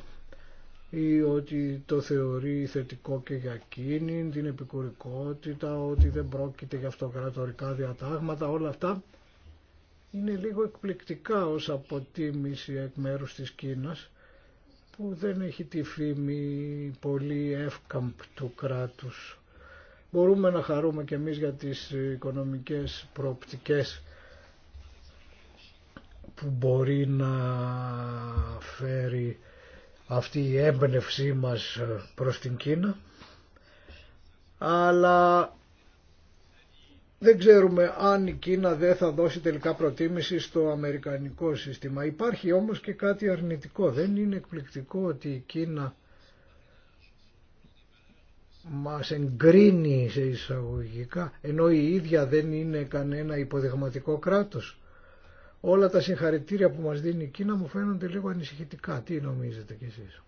ή ότι το θεωρεί θετικό και για εκείνη, την επικουρικότητα, ότι δεν πρόκειται για αυτοκρατορικά διατάγματα, όλα αυτά είναι λίγο εκπληκτικά ως αποτίμηση εκ μέρους της Κίνας που δεν έχει τη φήμη πολύ εύκαμπ του κράτους. Μπορούμε να χαρούμε και εμείς για τις οικονομικές προοπτικές που μπορεί να φέρει αυτή η έμπνευσή μας προς την Κίνα αλλά δεν ξέρουμε αν η Κίνα δεν θα δώσει τελικά προτίμηση στο αμερικανικό σύστημα. Υπάρχει όμως και κάτι αρνητικό. Δεν είναι εκπληκτικό ότι η Κίνα μας εγκρίνει σε εισαγωγικά, ενώ η ίδια δεν είναι κανένα υποδειγματικό κράτος όλα τα συγχαρητήρια που μας δίνει η Κίνα μου φαίνονται λίγο ανησυχητικά. Τι νομίζετε κι εσείς.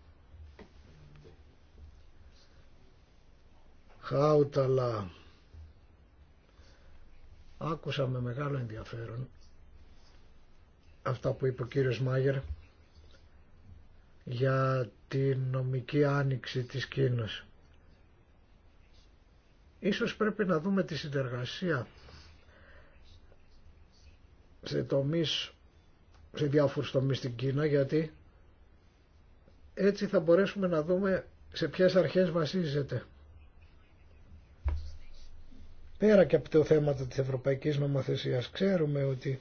Χάουταλα. Άκουσα με μεγάλο ενδιαφέρον αυτά που είπε ο κύριος Μάγερ για τη νομική άνοιξη της Κίνας. Ίσως πρέπει να δούμε τη συνεργασία σε τομείς, σε διάφορους τομείς στην Κίνα γιατί έτσι θα μπορέσουμε να δούμε σε ποιες αρχές βασίζεται. Πέρα και από το θέμα της Ευρωπαϊκής Νομοθεσίας ξέρουμε ότι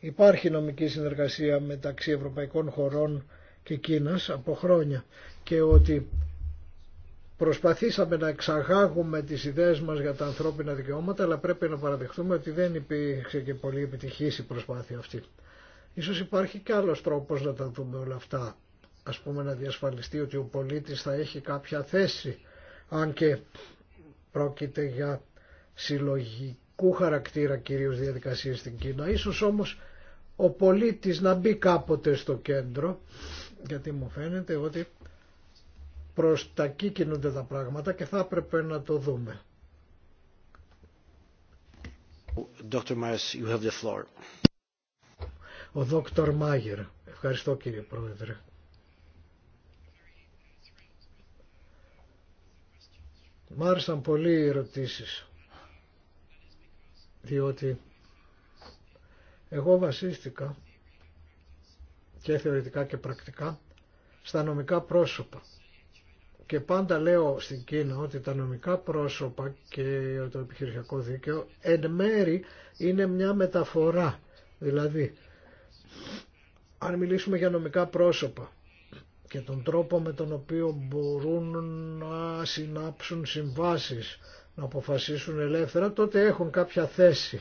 υπάρχει νομική συνεργασία μεταξύ Ευρωπαϊκών χωρών και Κίνας από χρόνια και ότι Προσπαθήσαμε να εξαγάγουμε τις ιδέες μας για τα ανθρώπινα δικαιώματα, αλλά πρέπει να παραδεχτούμε ότι δεν υπήρξε και πολύ επιτυχής η προσπάθεια αυτή. Ίσως υπάρχει και άλλος τρόπος να τα δούμε όλα αυτά. Ας πούμε να διασφαλιστεί ότι ο πολίτης θα έχει κάποια θέση, αν και πρόκειται για συλλογικού χαρακτήρα κυρίως διαδικασίες στην Κίνα. Ίσως όμως ο πολίτης να μπει κάποτε στο κέντρο, γιατί μου φαίνεται ότι Προς τα εκεί τα πράγματα και θα έπρεπε να το δούμε. Dr. Myers, you have the Ο Δόκτωρ Μάγερ. Ευχαριστώ κύριε Πρόεδρε. Μ' άρεσαν πολύ οι ερωτήσεις. Διότι εγώ βασίστηκα και θεωρητικά και πρακτικά στα νομικά πρόσωπα και πάντα λέω στην Κίνα ότι τα νομικά πρόσωπα και το επιχειρηματικό δίκαιο εν μέρη είναι μια μεταφορά. Δηλαδή, αν μιλήσουμε για νομικά πρόσωπα και τον τρόπο με τον οποίο μπορούν να συνάψουν συμβάσεις, να αποφασίσουν ελεύθερα, τότε έχουν κάποια θέση.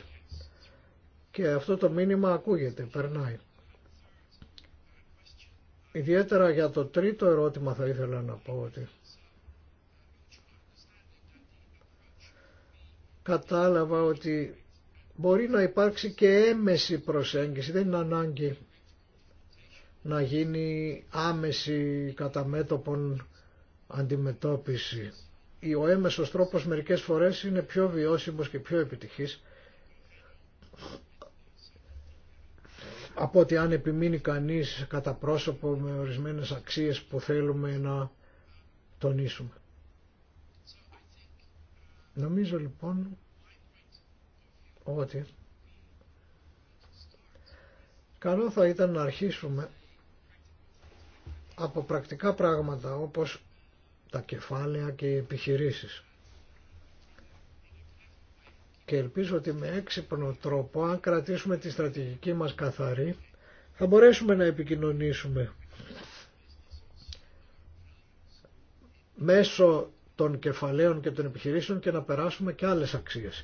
Και αυτό το μήνυμα ακούγεται, περνάει. Ιδιαίτερα για το τρίτο ερώτημα θα ήθελα να πω ότι κατάλαβα ότι μπορεί να υπάρξει και έμεση προσέγγιση, δεν είναι ανάγκη να γίνει άμεση κατά μέτωπον αντιμετώπιση. Ο έμεσος τρόπος μερικές φορές είναι πιο βιώσιμος και πιο επιτυχής από ότι αν επιμείνει κανείς κατά πρόσωπο με ορισμένες αξίες που θέλουμε να τονίσουμε. Νομίζω λοιπόν ότι καλό θα ήταν να αρχίσουμε από πρακτικά πράγματα όπως τα κεφάλαια και οι επιχειρήσεις και ελπίζω ότι με έξυπνο τρόπο, αν κρατήσουμε τη στρατηγική μας καθαρή, θα μπορέσουμε να επικοινωνήσουμε μέσω των κεφαλαίων και των επιχειρήσεων και να περάσουμε και άλλες αξίες.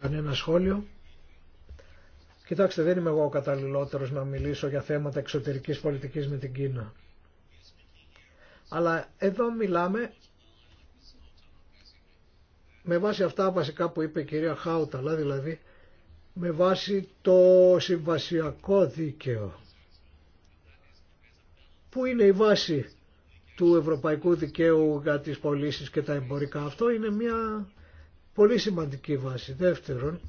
Κανένα σχόλιο. Κοιτάξτε, δεν είμαι εγώ ο καταλληλότερος να μιλήσω για θέματα εξωτερικής πολιτικής με την Κίνα. Αλλά εδώ μιλάμε με βάση αυτά βασικά που είπε η κυρία Χάουταλα, δηλαδή με βάση το συμβασιακό δίκαιο που είναι η βάση του ευρωπαϊκού δικαίου για τις πωλήσει και τα εμπορικά. Αυτό είναι μια πολύ σημαντική βάση. Δεύτερον,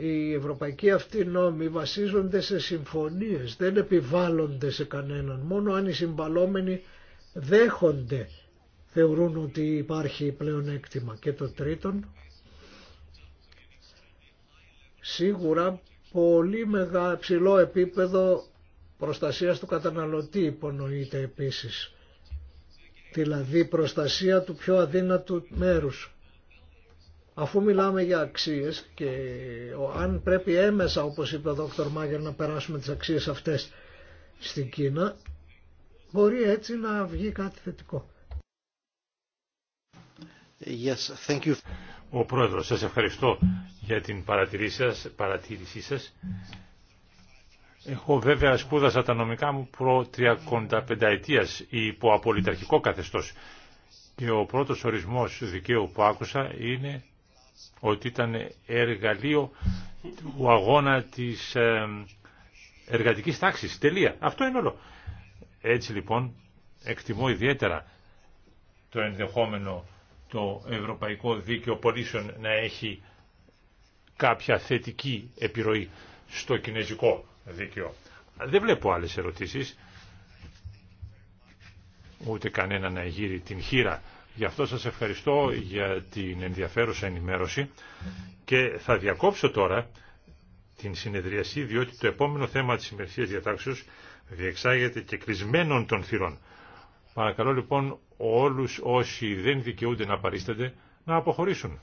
οι ευρωπαϊκοί αυτοί νόμοι βασίζονται σε συμφωνίες, δεν επιβάλλονται σε κανέναν, μόνο αν οι συμβαλόμενοι δέχονται, θεωρούν ότι υπάρχει πλεονέκτημα. Και το τρίτον, σίγουρα πολύ μεγάλο ψηλό επίπεδο προστασίας του καταναλωτή υπονοείται επίσης, δηλαδή προστασία του πιο αδύνατου μέρους Αφού μιλάμε για αξίες και αν πρέπει έμεσα όπως είπε ο Δόκτωρ Μάγερ να περάσουμε τις αξίες αυτές στην Κίνα μπορεί έτσι να βγει κάτι θετικό. Ο Πρόεδρος, σας ευχαριστώ για την παρατηρήσή σας. Παρατήρησή σας. βέβαια σπούδασα τα νομικά μου προ 35 ετίας υπό απολυταρχικό καθεστώς και ο πρώτος ορισμός δικαίου που άκουσα είναι ότι ήταν εργαλείο του αγώνα της ε, εργατικής τάξης. Τελεία. Αυτό είναι όλο. Έτσι λοιπόν εκτιμώ ιδιαίτερα το ενδεχόμενο το Ευρωπαϊκό Δίκαιο Πολίσεων να έχει κάποια θετική επιρροή στο Κινέζικο Δίκαιο. Δεν βλέπω άλλες ερωτήσεις, ούτε κανένα να γύρει την χείρα Γι' αυτό σας ευχαριστώ για την ενδιαφέρουσα ενημέρωση και θα διακόψω τώρα την συνεδριασή διότι το επόμενο θέμα της ημερησίας διατάξεως διεξάγεται και κλεισμένων των θυρών. Παρακαλώ λοιπόν όλους όσοι δεν δικαιούνται να παρίστανται να αποχωρήσουν.